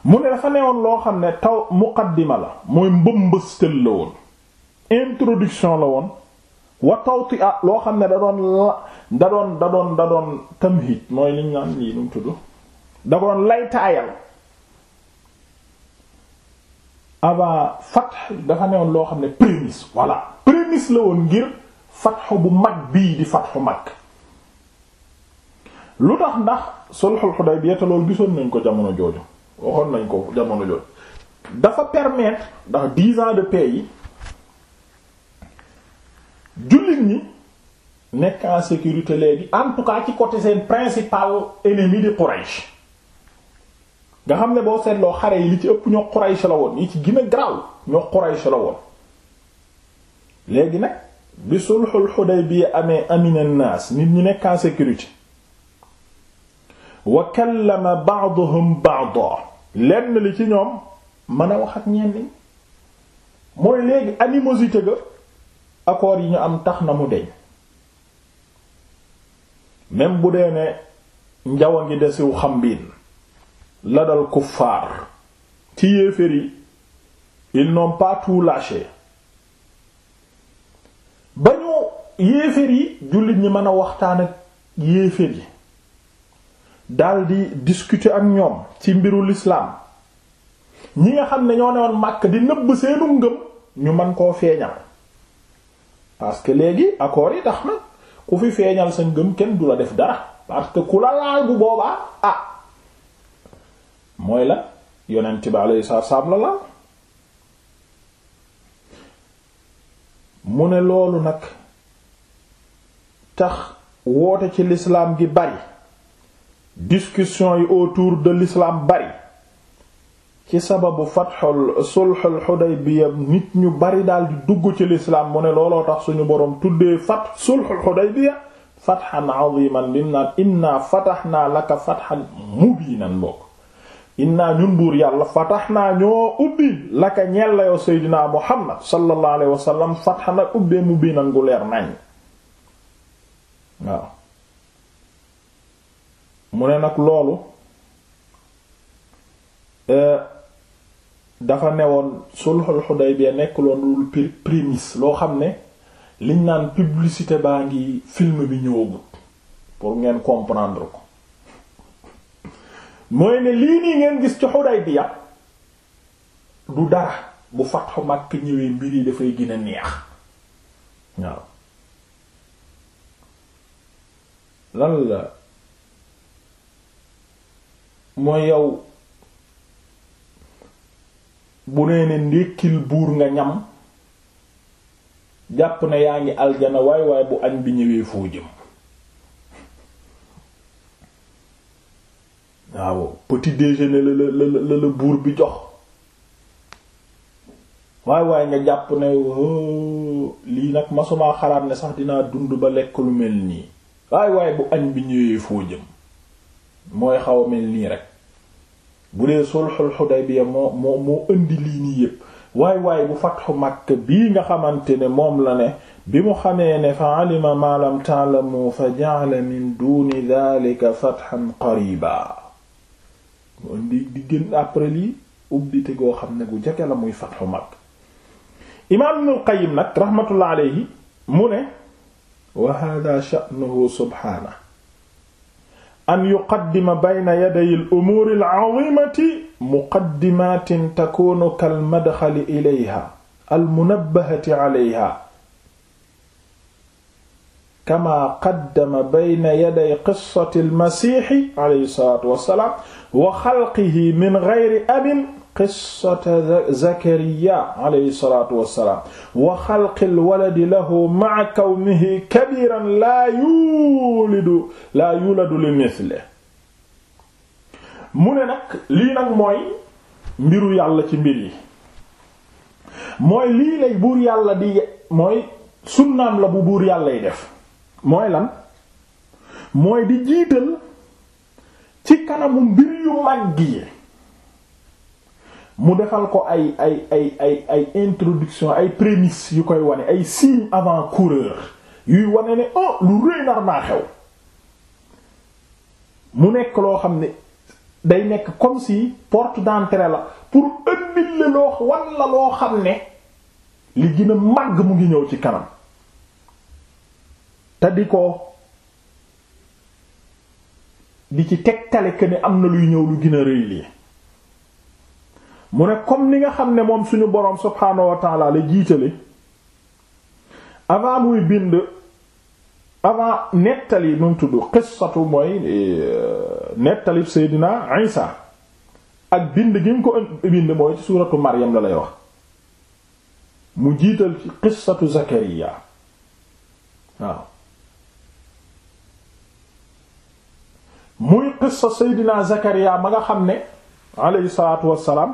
mu ne dafa newoon loo xam ne taw muqaddima la mooy mbëmbëstël la woon introduction la woon wa tawti a loo xam ne da doon la da doon da doon da doon tamhid mooy liñ naan lii nu mu tudd da doon laytaayal avant fatx dafa newoon loo xam ne prémisse voilà prémisse la woon ngir fatx bu mag bii di fatxu mag lu tax ndax sulhul Hudaybiya te loolu gisoon nañ ko jamono jooju waxoon nañ ko jamono jooju dafa permettre ndax dix ans de paix yi jullit ñi nekk en sécurité léegi en tout cas ci côté seen principal ennemi di Quraysh nga xam ne boo seetloo xare yi li ci ëpp ñoo Quraysh la woon yi ci gën graw ñoo Quraysh la woon léegi nag bi sulhul bi amee amina naas nit ñi nekk en sécurité wa kallama ba'dhum ba'dha lenn li ci ñoom mën a wax ak ñenn ñi mooy léegi animosité ga accords yi ñu am tax na mu deñ même bu dee ne njaw a ngi desiw xambiin la kuffaar ci yéeféer yi ils n'ont pas tout lâché ba ñu yéeféer yi jullit ñi mën a waxtaan ak yéeféer yi daldi discuter ak ñoom ci mbiru lislaam ñi nga xam ne ñoo newoon màkk di nëbb seenu ngëm ñu mën koo feeñal parce que léegi accords yi tax ku fi feeñal sa ngëm kenn du la def dara parce que ku la laal bu boobaa ah mooy la yonent bi alayhi salaam la laal mu ne loolu nag tax woote ci lislaam gi bari discussion yi autour de lislaam bari ci sababu fatxul sulxul xudaybiya nit ñu bari daal dugg ci lislaam mu ne looloo tax suñu boroom tuddee fat sulxul xudaybiya fatxan aziman bi naan inna fataxnaa laka fatxan mubiinan bokk inna ñun buur yàlla fataxnaa ñoo ubbi laka ñel la yow seydinaa muhammad sallallahu alayhi wasallam fatxan ak ubbee mubiinan gu leer nañ mu ne nag loolu eh, dafa newoon sulhul Hudaybiya nekkuloon lu dul loo xam ne liñ naan publicité baa ngi film bi ñëwagut pour ngeen comprendre ko mooy ne lii nii ngeen gis ci Hudaybiya du dara bu fatxu Makka ñëwee mbir yi dafay gën neex waaw lan la mooy yow bu nee ne ndékkil buur nga ñam jàpp na yaa ngi aljana waay waay bu añ bi ñëwee foo jëm waaw petit bi jox waay waay nga jàpp ne oh, lii nag masumaa xalaat ne sax dinaa dund ba lekk lu mel nii waay waay bu añ bi ñëwee foo jëm mooy xaw a mel nii rek bu dee sulhul Hudaybiya moo moo moo indi lii nii yépp waay waay bu fatxu Makka bii nga xamante ne moom la ne bi mu xamee ne fa alima ma lam ta'lamu fa ja'ala min duni dhalika fathan qariba mu indi di gën après lii ubbite goo xam ne gu jege la muy fatxu Makka imaam Ibnul Qayyim nag rahmatullah alayhi mu ne wa hadha sha'nuhu subhanahu an yuqaddima bayna yaday al umuur al azimati muqaddimatin takunu kal madxali ilayha al munabbahati alayha kama qaddama bayna yaday qissati al masiixi alayhi salaatu wa salaam wa xalqihi min gayri abin qissata zakariya alayhi salaatu wassalaam wa xalqil waladi lahu ma'a kawnihi kabiran laa yulidu laa yuladu li misle mu ne nag lii nag mooy mbiru yàlla ci mbir yi mooy lii lay buur yàlla di mooy sunnaam la bu buur yàllay def mooy lan mooy di jiital ci kanamu mbir yu màgg yi mu defal ko ay ay ay ay ay introduction ay prémices yu koy wane ay signes avant-coureurs yuy wane ne oh lu rëy nar naa xew mu nekk loo xam ne day nekk comme si porte d'entrée la pour ëndil la loo xam ne li gën a màgg mu ngi ñëw ci kanam te di ko di ci tegtale que ni am na luy ñëw lu gën a rëy lii mu ne comme ni nga xam ne moom suñu boroom subhaanahu wa la jiitale avant muy bind avant nettali nu tudd qissatu mooy euh, nettali Seydina Isa ak bind gi mu ko bind mooy suuratu Maryam la lay wax mu jiital ci qissatu Zakariya waaw muy qissa Seydina Zakariya ma nga xam ne aleyhi salaatu wassalaam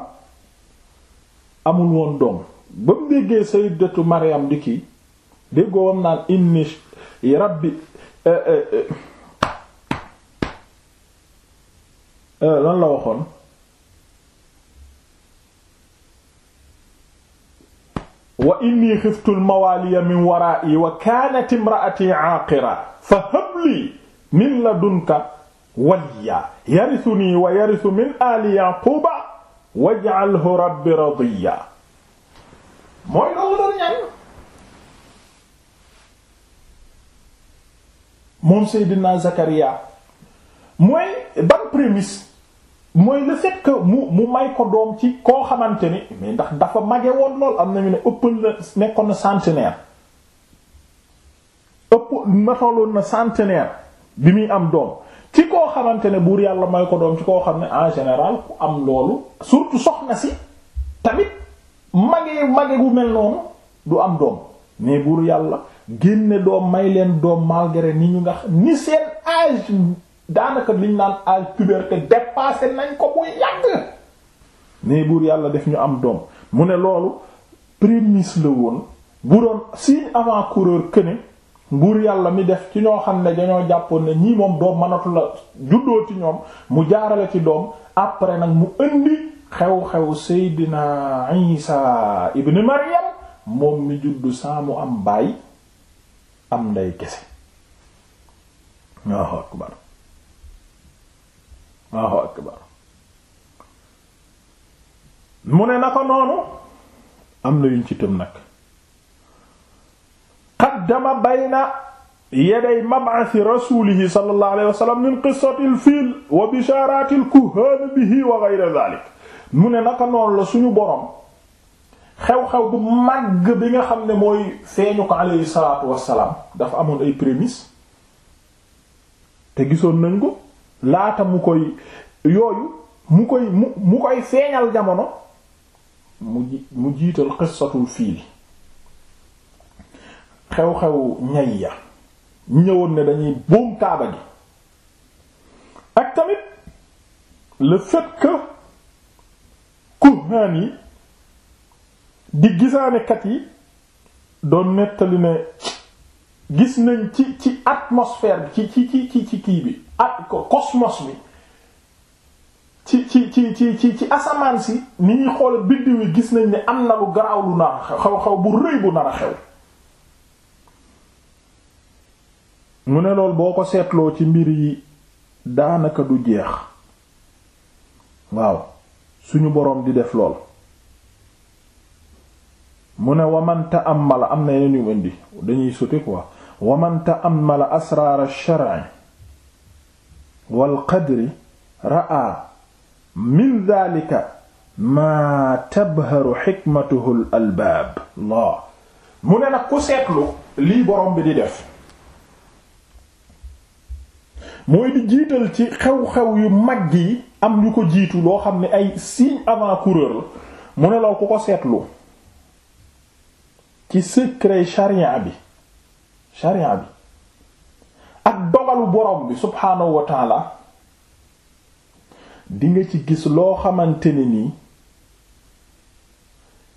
amul woon doom ba mu déggee sayyidatu Maryam di kii déggoo wam naan inni rabbi eh, eh, eh, lan la waxoon wa inni xiftu almawaaliya min waraa'i wa kaanat imra'atii aaqira fa hablii min ladunka waliya yarisuni wa yarisu min aali yaquba waj'alhu rabbi radiya mooy loolu doon ñaan moom Seydina Zakaria mooy ban prémisse mooy le mu mu may ko doom ci koo xamante ni mais ndax dafa mage woon lool am na ñu ne ëpp nekkoon na centenaire ëpp na tolloon na centenaire bi muy am doom ci koo xamante ne buur yàlla may ko doom ci koo xam ne en général ku am loolu surtout soxna si tamit mage mage bu mel noonu du am doom mais buur yàlla génne doom may leen doom malgré ni ñu nga ni seen âge daanaka liñ naan âge puberté dépassé nañ ko bu yàgg mais buur yàlla def ñu am doom mu ne loolu prémisse la woon bu doon signe avant coureur que buur yàlla mi def ci ñoo xam ne dañoo jàppoon na ñii moom doom mënatu la juddoo ci ñoom mu jaarale ci doom après nag mu indi xew-xew Seydina Isa ibn Maryam moom mi juddu saa am baay am ndey kese Allahu akbar mu ne na ko noonu am na yuñ ci tëm nag qaddama bayna yaday mab'athi rasulihi sallallahu alayhi wa sallam min qissati al-fil wa bisharati al-kuhan bihi wa ghayri dhalik mu ne naka noonu la suñu borom xew-xew bu màgg bi nga xam ne mooy feeñu ko alayhi salaatu wassalaam dafa amoon ay prémices te gisoon nañ ko laata mu koy yooyu mu koy mu mu koy feeñal jamono mu mu jiital qissatul fiil xew-xew ñay ya ñëwoon ne dañuy boom kaaba gi ak tamit le fait que kuhaan yi di gisaanekat yi doon nettali ne gis nañ ci ci atmosphère bi ci ci ci ci kii bi ak cosmos bi ci ci ci ci ci asamaan si ni ñuy xool biddiw yi gis nañ ne am na lu garaaw lu nar a xew xew bu rëy bu nar a xew mu ne lool boo ko seetloo ci mbir yi daanaka du jeex waaw suñu boroom di def lool mu ne waman ta'ammala am na yeneen yu indi dañuy sauter quoi waman ta'ammala asraar ash-shar'i wal qadri ra'a min dhalika maa tabharu hikmatuhu al albaab mu ne nag ku seetlu lii boroom bi di def mooy di jiital ci xew-xew yu mag gi am lu ko jiitu loo xam ni ay signe avant-coureur la mu ne lool ku ko seetlu ci secret charia bi charia bi ak dogalu borom bi subhaanahu wa taala di nga ci gis loo xamante ne nii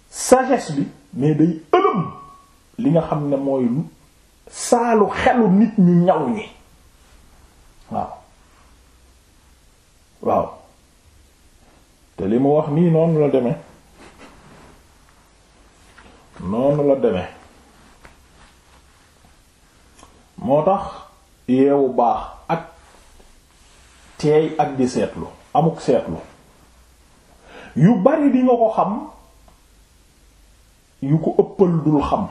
sages bi mais day ëlëm li nga xam ne mooy saalu xelu nit ñu ñaw ñi waaw waaw te li mu wax nii noonu la deme noonu la deme moo tax yeewu baax ak teey ak di seetlu amuk seetlu yu bari di nga ko xam yu ko ëppal dul xam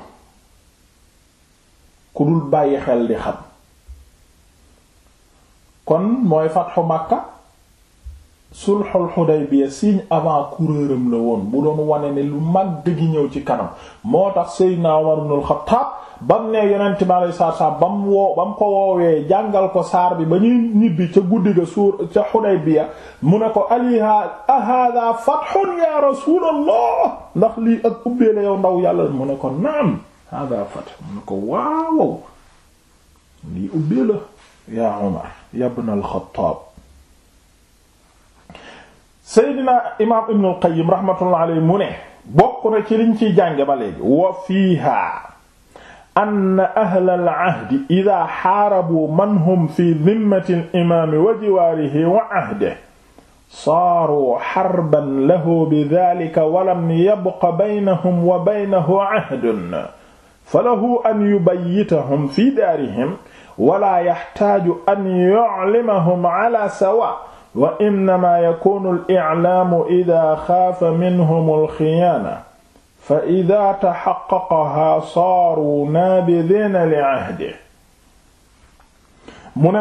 ku dul bàyyi xel di xam kon mooy fatxu Makka sulxul Xudaybiya signe avant coureuram la woon bu doon wane ne lu mag gi ñëw ci kanam moo tax Seydina Umar ibn al-Xattaab bam ne yonent bi ko woowee jàngal ko saar bi ba ñuy ñibbi ca guddi ga suur mu ne ko aliha ahada ndax lii ak ubbee ndaw yàlla mu ne ko ubbee la yaa Umar yabna alxataab seydina imaam ibnu alqayim raxmatullah aley mu ne bokk na ci liñ ciy jànge ba léegi wa fiiha ann ahla alahdi ida xaarabuu man hum fi dimmati alimaami wa jiwaarihi wa ahde saaruu xarban lahu bidalika walam yabqa baynahum wa baynahu ahdun fa lahu an yubayitahum fi daarihim wala yaxtaaju an yu'limahum ala sawa wa innama yakunu al-i'laamu idaa xaafa minhum al fa idaa taxaqqaqahaa saaru naabidiina li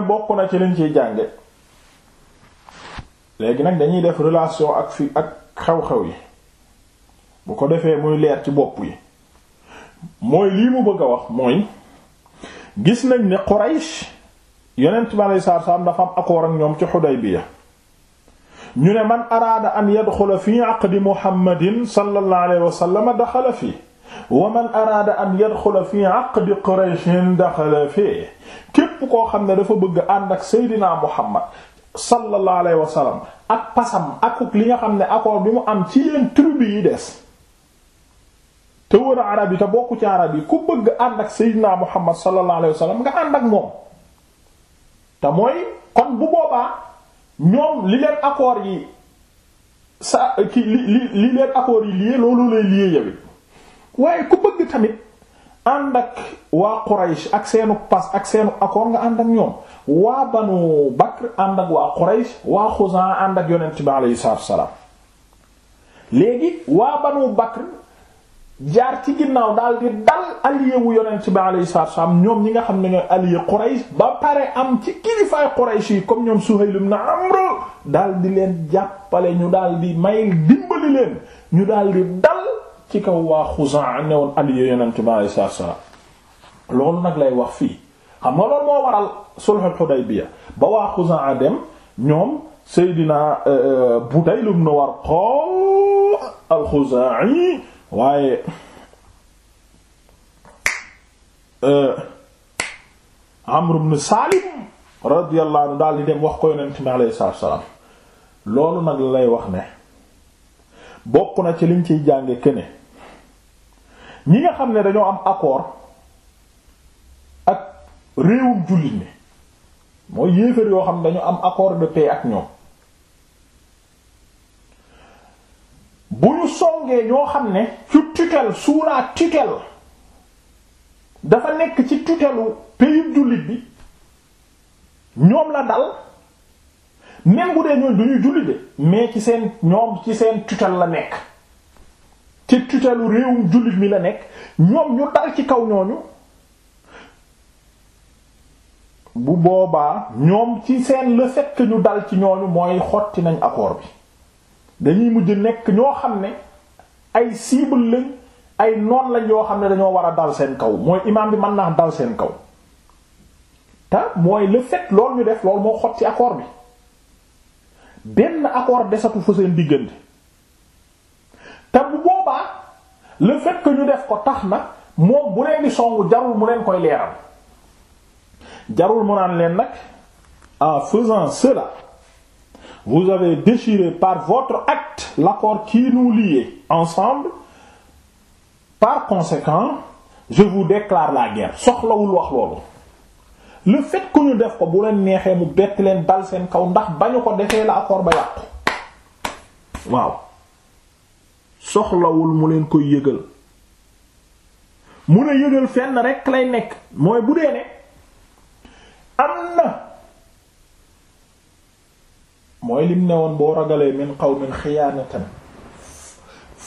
bokk na ci liñ ciy jànge léegi nag dañuy def relation ak fi yi bu ko defee muy leer ci bopp yi mooy lii mu bëgg wax mooy gis nañ ni Quraysh yonent bi aleyhi salaatu salaam dafa am ak ñoom ci Xudaybiya ñu ne man araada an yadxula fi aqdi Muhammadin sallallahu alayhi wa sallam daxala fi man araada an yadxula fi aqdi Qurayshin daxala képp koo xam ne dafa bëgg ànd ak Seydina Muhammad sallallahu alayhi wa sallam ak pasam ak li nga xam ne accord bi mu am ci leen tribu yi des. te wër a arab yi te bokku ci arab yi ku bëgg ànd ak sayyidina muhammad sallallahu alayhi wasallam nga ànd ak moom te mooy kon bu boobaa ñoom li leen yi sa ki li yi lié loolu lay lié yow waaye ku bëgg tamit ànd ak waa Quraysh ak seenu pas ak seenu accord nga ànd ak ñoom waa Banu Bakr ànd ak waa Quraysh waa Xuzaa ànd ak yonent bi alayhi waa Banu Bakr jaar ci ginnaaw daal di dal allié wu yonent bi alayhi salaatu ñoom ñi nga xam ne ñooy allié Quraysh ba pare am ci kilifaay Quraysh comme ñoom Suhayl ibn Amr daal di leen jàppale ñu daal di may dimbali leen ñu daal di dal ci kaw waa Xuzaa newoon allié yonent bi alayhi salaatu wasallam loolu nag lay wax fii xam nga loolu moo waral sulhul Hudaybiya ba waa Xuzaa dem ñoom Seydina euh, euh, Budayl ibn Warqa al-Xuzaa'i waaye euh, Amr ibn Salim radiyallahu daal di dem wax ko yonent mi alayhi salaatu wa loolu nag la lay wax ne bokk na ci liñ ciy jànge kene ñi nga xam ne dañoo am accord ak réewum jullit ni mooy yéefar yoo xam ne dañu am accord de paix ak ñoom bu ñu songee ñoo xam ne ci tutelle sous la dafa nekk ci tutelu pays jullit bi ñoom la dal même bu dee ñooñ duñu jullit de mais ci seen ñoom ci seen tutelle la nekk ci tutelu réewum jullit bi la nekk ñoom ñu dal ci kaw ñooñu bu boobaa ñoom ci seen la fait ñu dal ci ñooñu mooy xotti nañ accord bi dañuy mujj nekk ñoo xam ne ay cible lañ ay noon lañ yoo xam ne dañoo war a dal seen kaw mooy imaam bi mën naa dal seen kaw te mooy le fait lool ñu def lool moo xotti ci bi benn accord desatu fa seen diggante te bu boobaa le fait ñu def ko tax na moom bu leen di songu jarul mu leen koy leeral jarul mu naan leen nag en faisant cela vous avez déchiré par votre acte l'accord qui nous liait ensemble par conséquent je vous déclare la guerre soxlawul wax loolu le fait que ñu def ko bu leen neexee mu betti leen dal seen kaw ndax bañu ko defee la accord ba yàqu waaw soxlawul mu leen koy yëgal mu ne yëgal fenn rekk lay nekk mooy bu dee ne am na mooy lim ne woon boo ragalee min qawmin xiyaanatan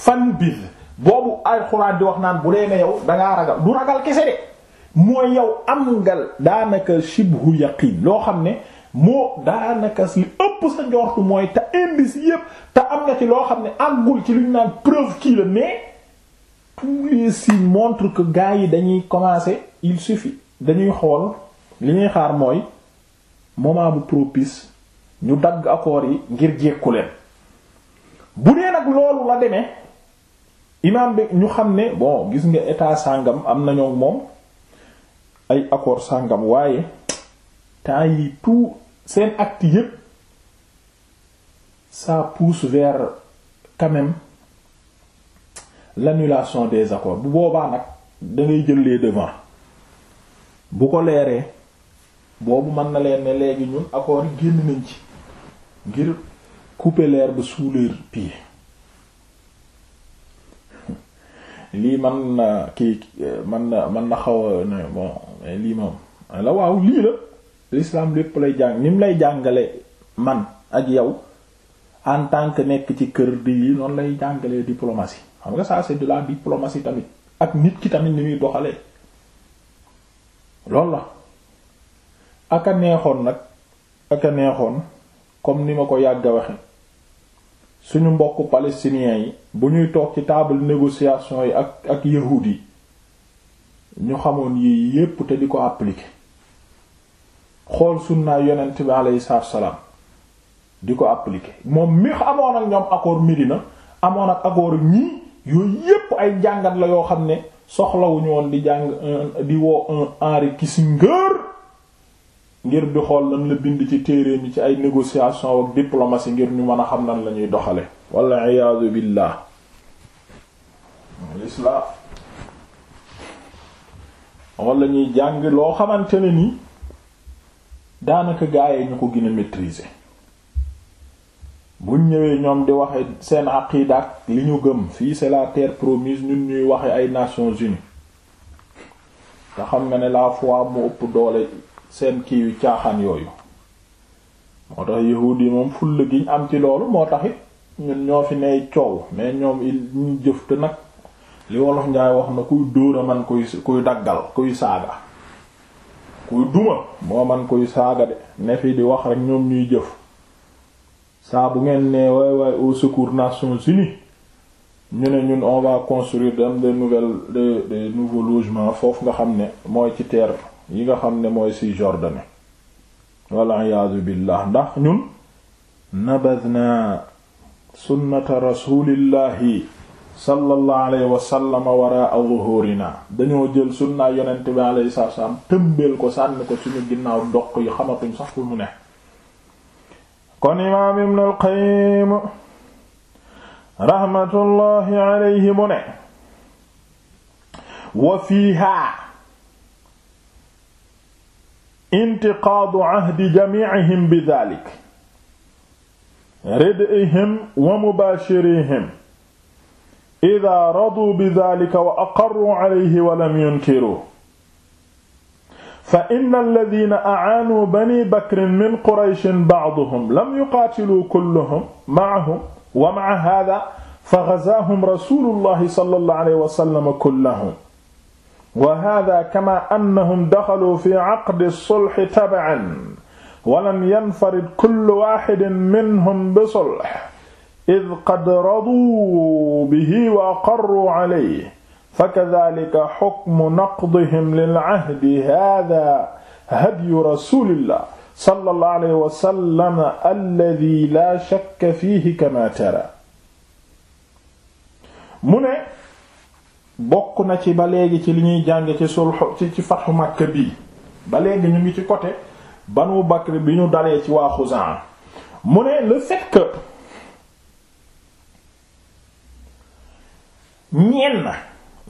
fanbid boobu ay xuraan di wax naan bu dee ne yow dangaa ragal du ragal kese de mooy yow am ngal daanaka shibhu yaqin loo xam ne moo daanaka li ëpp sa njortu mooy te indice yépp te am na ci loo xam ne àggul ci lu ñu naan preuve kii la mais tous les signes que gars yi dañuy commencer il suffit dañuy xool li ñuy xaar mooy moment bu propice ñu dagg accords yi ngir jékku leen bu dee nag loolu la deme imaam bi ñu xam ne bon gis nga état sàngam am nañoo moom ay accord sàngam waaye temps yi tout seen act yépp ça pousse vers quand même des accords bu boobaa nag da ngay jël les bu ko leeree boobu mën na leen ne léegi ñun accords yi génn nañ ci ngir couper l'herbe sous leurs pieds lii man na kii man na xaw a lii moom la waaw lii la l'islam lépp lay jàng ni mu lay jàngale man ak yow en tant nekk ci kër di yi noonu lay jàngalee diplomatie xam nga ça c'est de la tamit ak nit ki tamit ni muy doxalee loolu la aka neexoon nag aka neexoon comme ni ma ko yàgg a waxe suñu mbokk palestiniens yi bu ñuy toog ci table négociation yi ak ak yahuud yi ñu xamoon yii yépp te di ko appliquer xool sunnaa yonent bi aleyhi salaatu di ko appliquer moom mi amoon ak ñoom accord Médina amoon ak accord ñii yooyu yépp ay jàngat la yoo xam ne soxlawuñu woon di jàng di woo un Henry Kissinger ngir di xool lan la bind ci téere mi ci ay négociation ak diplomatie ngir ñu mën a xam nan la ñuy doxale walla iyaadu billaah lislaam walla ñuy jàng loo xamante ne ni daanaka gaayee ñu ko gën a buñ ñëwee ñoom di waxe seen aqiida ak li ñu gëm fii c'est la terre promise ñun ñuy waxe ay Nations Unies te xam nga ne la fois mu ëpp doole seen kii yu caaxaan yooyu moo tax yahuud yi moom fulla gi ñu am ci loolu moo taxit ñun ñoo fi ney coow mais ñoom il ñu jëf te nag li wolof njaay wax na kuy dóora man kuy kuy daggal kuy saaga kuy duma moo man kuy saaga de ne fi di wax rek ñoom ñuy jëf saa bu ngeen nee waay waay au secours Nations Unies ñu ne ñun on va construire dem des nouvelles des nouveaux logements foofu nga xam ne mooy ci terre yi nga xam ne mooy si Jordanie walla iyaazu billah ndax ñun nabadna sunnata rasulillahi sallallahu alayhi waraa zuhurina dañoo jël sunnaa yonent bi alayhi salaam tëmbeel ko sànni ko suñu ginnaaw doq xamatuñ sax mu ne kon imaam ibn al qayyim mu ne wa intiqaadu ahdi jamiicihim bi daalik rid'ihim wa mubaashirihim idaa raduu bi daalika wa aqarruu calayhi wa lam yunkiruuhu fa inna alladiina acaanuu banii bakrin min qurayshin bacduhum lam yuqaatiluu kulluhum macahum wa maca haadaa fa gazaahum rasuulullaahi sallallaahu calayhi wa sallam kullahum wa haadaa kamaa annahum daxaluu fi caqdi sulxi taba'an walam yanfarid kullu waaxidin minhum bi sulx id qad raduu bihi wa aqarruu calayhi fakadaalika xukmu naqdihim lil cahdi haadaa hadyu rasuulillah sallallahu alayhi wa sallam alladii laa shakka fiihi kamaa taraa mu ne bokk na ci ba léegi ci li ñuy jàng ci sulh ci ci fathu Makka bii ba léegi ñu ngi ci côté Banu Bakr bi ñu dalee ci waa Xuzaan mu ne la fait que ñenn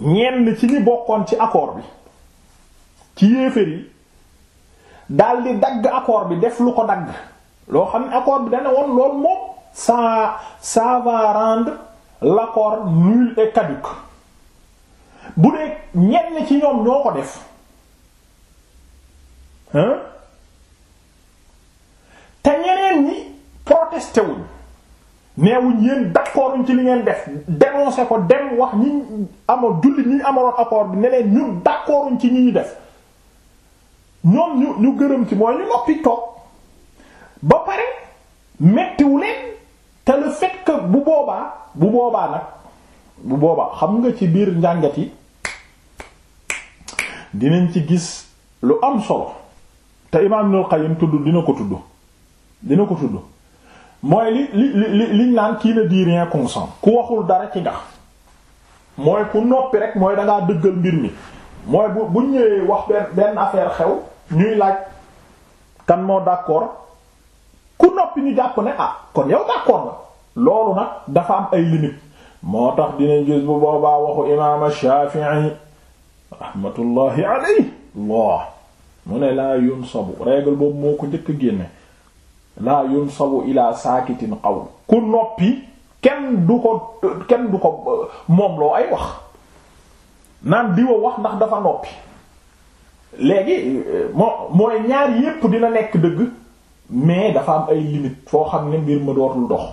ñenn ci ñi bokkoon ci akoor bi ci yéeféer yi daal di dagg accord bi def lu ko dagg loo xam ne accord bi dana woon loolu moom ça ça va rendre l'accord nul et bu dee ñenn ci ñoom ñoo ko def hein te ñeneen ñi protesté neewuñ yéen d'accord ci li ngeen def dénoncé ko dem wax ñi amoon jullit ñi amaloon accord bi ne leen ñun d'accord ci ñi ñu def ñoom ñu ñu gërëm ci mooy ñu noppi toog ba pare mettiwu leen te le fait bu boobaa bu boobaa nag bu boobaa xam nga ci biir njàngat yi dinañ ci gis lu am solo te imaam Ibnul Qayyim tudd dina ko tudd dina ko tudd mooy li li li liñ naan kii ne dit rien consent ku waxul dara ci nga mooy ku noppi rek mooy da dëggal mbir mi mooy bu bu ñëwee wax benn benn affaire xew ñuy laaj kan moo d'accord ku noppi ñu jàpp ne ah kon yow d'accord nga loolu nag dafa am ay limites moo tax dinañ gis bu boobaa waxu imaam Shafi'i rahmatullahi alayhi laa mu ne laa yunsabu règle boobu moo ko njëkk a génne laa yunsabu ila saakitin qawl ku noppi kenn du ko kenn du ko euh, moom loo ay wax naan diwa wax ndax dafa noppi léegi euh, moo mooy ñaar yépp dina nekk dëgg mais dafa am ay limite foo xam ne mbir ma dootul dox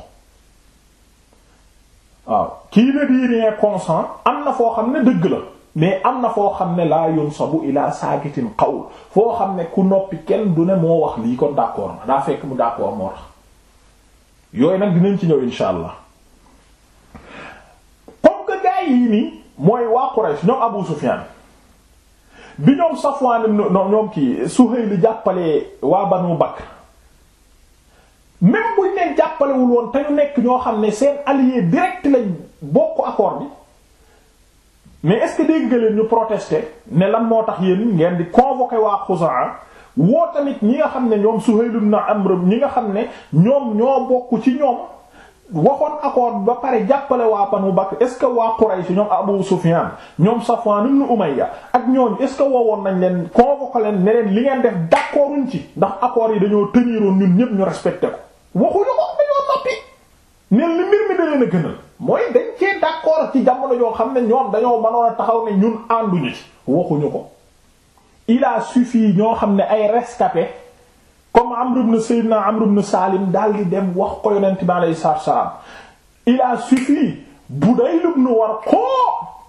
waaw kii ne di rien consent am na foo xam ne dëgg la mais am na foo xam ne laa yunsabu ila sakitin qawl foo xam ne ku noppi kenn du ne moo wax lii kon d'accord na daa fekk mu d'accord moo tax yooyu nag dinañ ci ñëw insha allah comme que gaa yi nii mooy waa Quraysh ñoom Abu Sufyan bi ñoom Safwan ñoom kii Suhayl jàppale waa Banu Bakr même buñ leen jàppalewul woon te ñu nekk ñoo xam ne seen allié direct lañ bokk accord bi mais est-ce que dégg nga leen ñu protester ne lan moo tax yéen ngeen di convoquer waa Xusaa woo tamit ñi nga xam ne ñoom Suhayl ibn Amr ñi nga xam ne ñoom ñoo bokk ci ñoom waxoon accord ba pare jàppale waa Banu Bakr est-ce que waa Quraysh ñoom Abu Sufyan ñoom Safwan ibn Umayya ak ñooñu est-ce nañ leen convoquer leen ne leen li ngeen def d'accorduñ ci ndax accords yi dañoo tëniiroon ñun ñëpp ñu respecté ko waxuñu ko dañoo noppi mel ni mi da leen gënal mooy dañ cee d'accord ci jamono joo xam ne ñoom dañoo mënoon a taxaw ne ñun ànduñu ci waxuñu ko il a suffi ñoo xam ne ay rescapé comme Amr ibn Sayyidina Amr ibn Salim daal di dem wax ko yonent bi alayhi salaam il a suffi Budayl ibn Warqa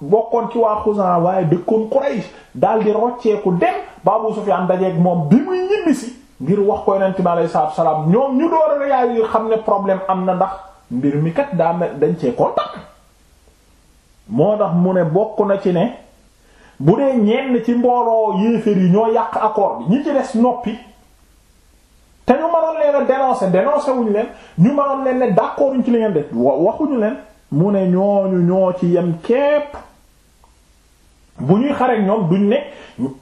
bokkoon ci waa Xuzaa waaye dëkkoon Quraysh daal di rocceeku dem ba Abu Sufyaan moom bi muy ñibbisi ngir wax ko yonent bi alayhi salaam ñoom ñu door a réagir xam ne problème am na ndax. mbir mi kat daa mel dañ cee kontaan moo tax mu ne bokk na ci ne bu dee ñenn ci mbooloo yéeféer yi ñoo yàq accord bi ñi ci des noppi te ñu mënoon leen a dénoncer leen ñu mënoon leen ne d'accord ñu ci li ngeen def waxuñu leen mu ne ñooñu ñoo ci yem képp bu ñuy xareek ñoom duñ ne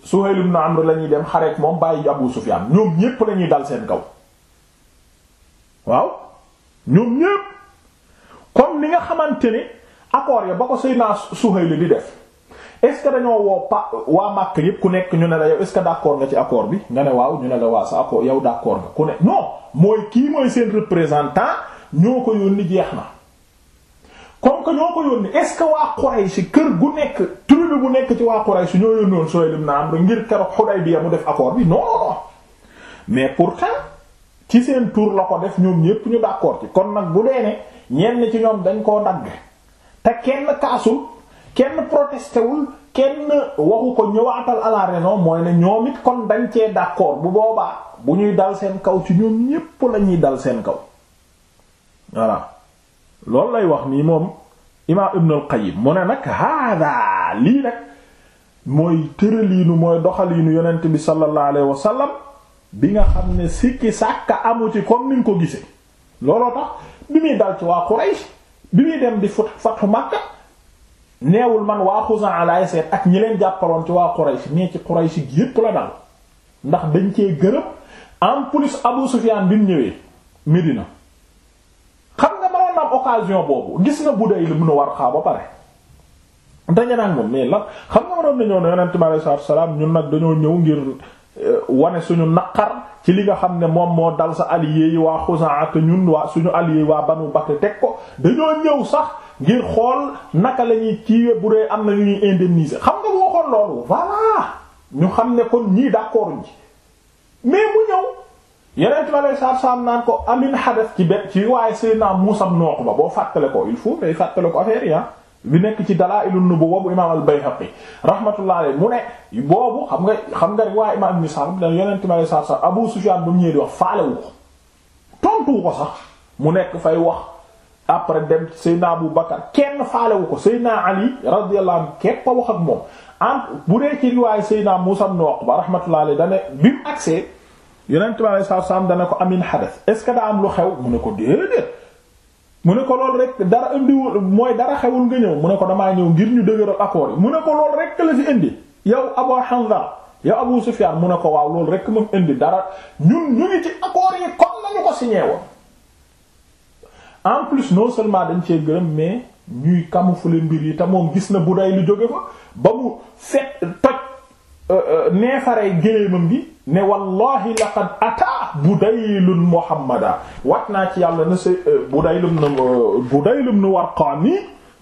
Suhayl ibn Amr la ñuy dem xareek moom bàyyi Abu Sufyaan ñoom ñépp la ñuy dal seen kaw waaw ñoom ñépp kon li nga xamante ni accord ya ba ko Seydina Suhayl di def est-ce dañoo woo pa waa Makka yépp ku nekk ñu ne la yow est-ce que d'accord nga ci accord bi nga ne waaw ñu ne la waa sa accord yow d'accord nga ku ne non mooy kii mooy seen représentant ñoo ko yónni jeex na comme que ñoo ko yónni est-ce que waa Quraysh kër gu nekk tribu bu nekk ci waa su ñoo yónni woon Suhayl ibn Amr ngir keroog Hudaybiya mu def accord bi non mais pour mais ci seen tour la ko def ñoom ñépp ñu d'accord ci kon nag bu dee ne ñenn ci ñoom dañ koo dagg te kenn kaasul kenn protesté wul kenn waxu ko ñëwaatal à la mooy ne ñoom it kon dañ cee d'accord bu boobaa bu ñuy dal seen kaw ci ñoom ñépp la ñuy dal seen kaw voilà loolu lay wax nii moom imaam Ibn al mu ne nag hada lii nag mooy tëraliinu mooy doxaliinu yonent bi sallallahu alayhi wa sallam bi nga xam ne sikki sàkka amu ci comme niñ ko gisee looloo tax bi muy dal ci waa Quraysh bi muy dem di fatu Makka neewul man waa Xuzaa laay seet ak ñi leen jàppaloon ci waa Quraysh mais ci Quraysh gi yépp la dal ndax dañ cee gërëm en plus Abu Sufyaan bi mu ñëwee Medina xam nga mënoon na am occasion boobu gis nga Budayl ibn Warqa ba pare dañu naan moom mais la xam nga waroon na ñoo ne Yonent bi salaam ñun nag dañoo ñëw ngir. Eh, wane suñu naqar ci li nga xam ne moom moo dal sa allié yi waa Xusaa te ñun waa suñu allié yi waa Banu Bakr teg ko dañoo ñëw sax ngir xool naka la ñuy ciiwe bu dee am na ñu ñuy xam nga boo xool loolu voilà ñu xam ne kon ñii d'accord ñi mais mu ñëw yeneen ma lay saar saam naan ko amin hadas ci bet ci waaye Seydina Muusa ibn ba boo fàttale ko il faut mais fàttale ko affaire yi ah. bi nekk ci Dalaa'ilun Nubuwwa bu imaam al-Bayhaqi rahmatullahi alayhi mu ne boobu xam nga xam nga rek waa imaam Ibn Sa'd da yonent mi alayhi salaatu salaam Abu Sufyaan bu mu ñëwee di wax faalewu ko tontuwu ko sax mu nekk fay wax après dem Seydina Abu Bakar kenn faalewu ko Seydina Ali radiyallahu anhu képp a wax ak moom en bu dee ci riwaay Seydina Muusaa ibn Uqba rahmatullahi alayhi da ne bi mu agsee yonent mi alayhi salaatu salaam da ne ko amin hadath est ce que daa am lu xew mu ne ko mu ne ko loolu rek dara indiwul mooy dara xewul nga ñëw mu ne ko damaa ñëw ngir ñu dëgëral accord yi mu ne ko lool rek la fi indi yow Abu Hamza yow Abu Sufyan mu ne ko waaw loolu rek moom indi dara ñun ñu ngi ci accord yi comme nañu ko signé woon en plus non seulement dañ cee gërëm mais ñuy camoufler mbir yi te moom gis na bu day lu jóge fa ba mu fet toj neefaree géléemam bi ne wallahi laqad ata budaylun muhammada wat naa ci yàlla na say euh, budaylum euh, na budaylum na warqaani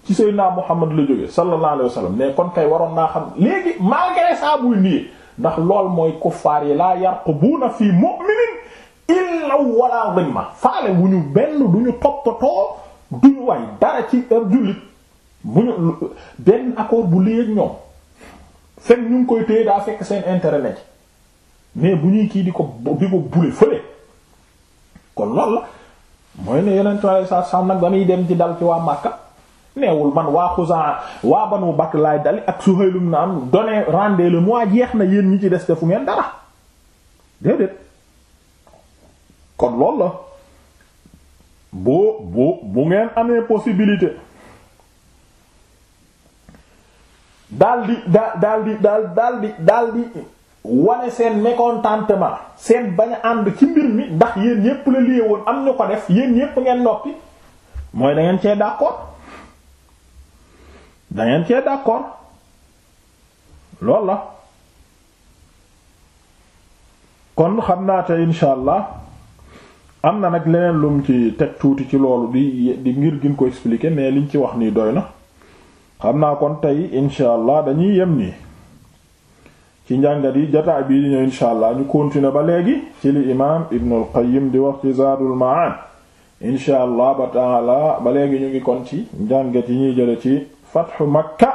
ci sayyidina muhammad la jóge sallallahu alayhi wasallam ne kon kay waroon naa xam léegi malgré ça buy nii ndax lool mooy kuffaar yi laa yarqubuuna fi mu'minin illa wala dhimma faale wu ñu benn du ñu toppatoo duñu waay dara ci ab jullit bu ñu benn accord bu léeg ñoom fekk ñu ngi koy téye daa fekk seen intérêt mais bu ñuy kii di ko di ko bule fële kon loolu la mooy ne yeneen trois cent cent nag ba muy dem ci dal ci waa Makka neewul man waa Xuzaa waa Banu Bakr laay dali ak Suhayl ibn naa donné rendez-le moi jeex na yéen ñi ci des defu ngeen dara déedéet kon loolu la boo boo bu ngeen amee possibilité. daal di daal di daal di daal di wane seen mécontentement seen bañ ànd ci mbir mi ndax yéen ñépp la liyee woon am ñu ko def yéen ñépp ngeen noppi mooy da ngeen cee d'accord da ngeen cee d'accord loolu la kon xam naa te insha allah am na nag leneen lum ci teg tuuti ci loolu di di ngir gën ko expliquer mais liñ ci wax nii doy na. xam naa kon tey incha allah dañuy yem nii ci njàngat yi jotaay bii di ñëw incha ñu continuer ba léegi ci li imaam Ibnul Qayyim di wax Zaadul Ma'aad incha allah ba léegi ñu ngi kon ci njàngat yi ñuy ci Fathu Makka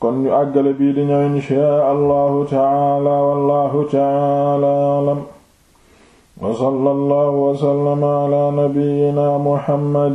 kon ñu àggale bii di ñëw incha allahu taala wallahu taala alam wa sallallahu wa sallama ala nabiyyina Muhammad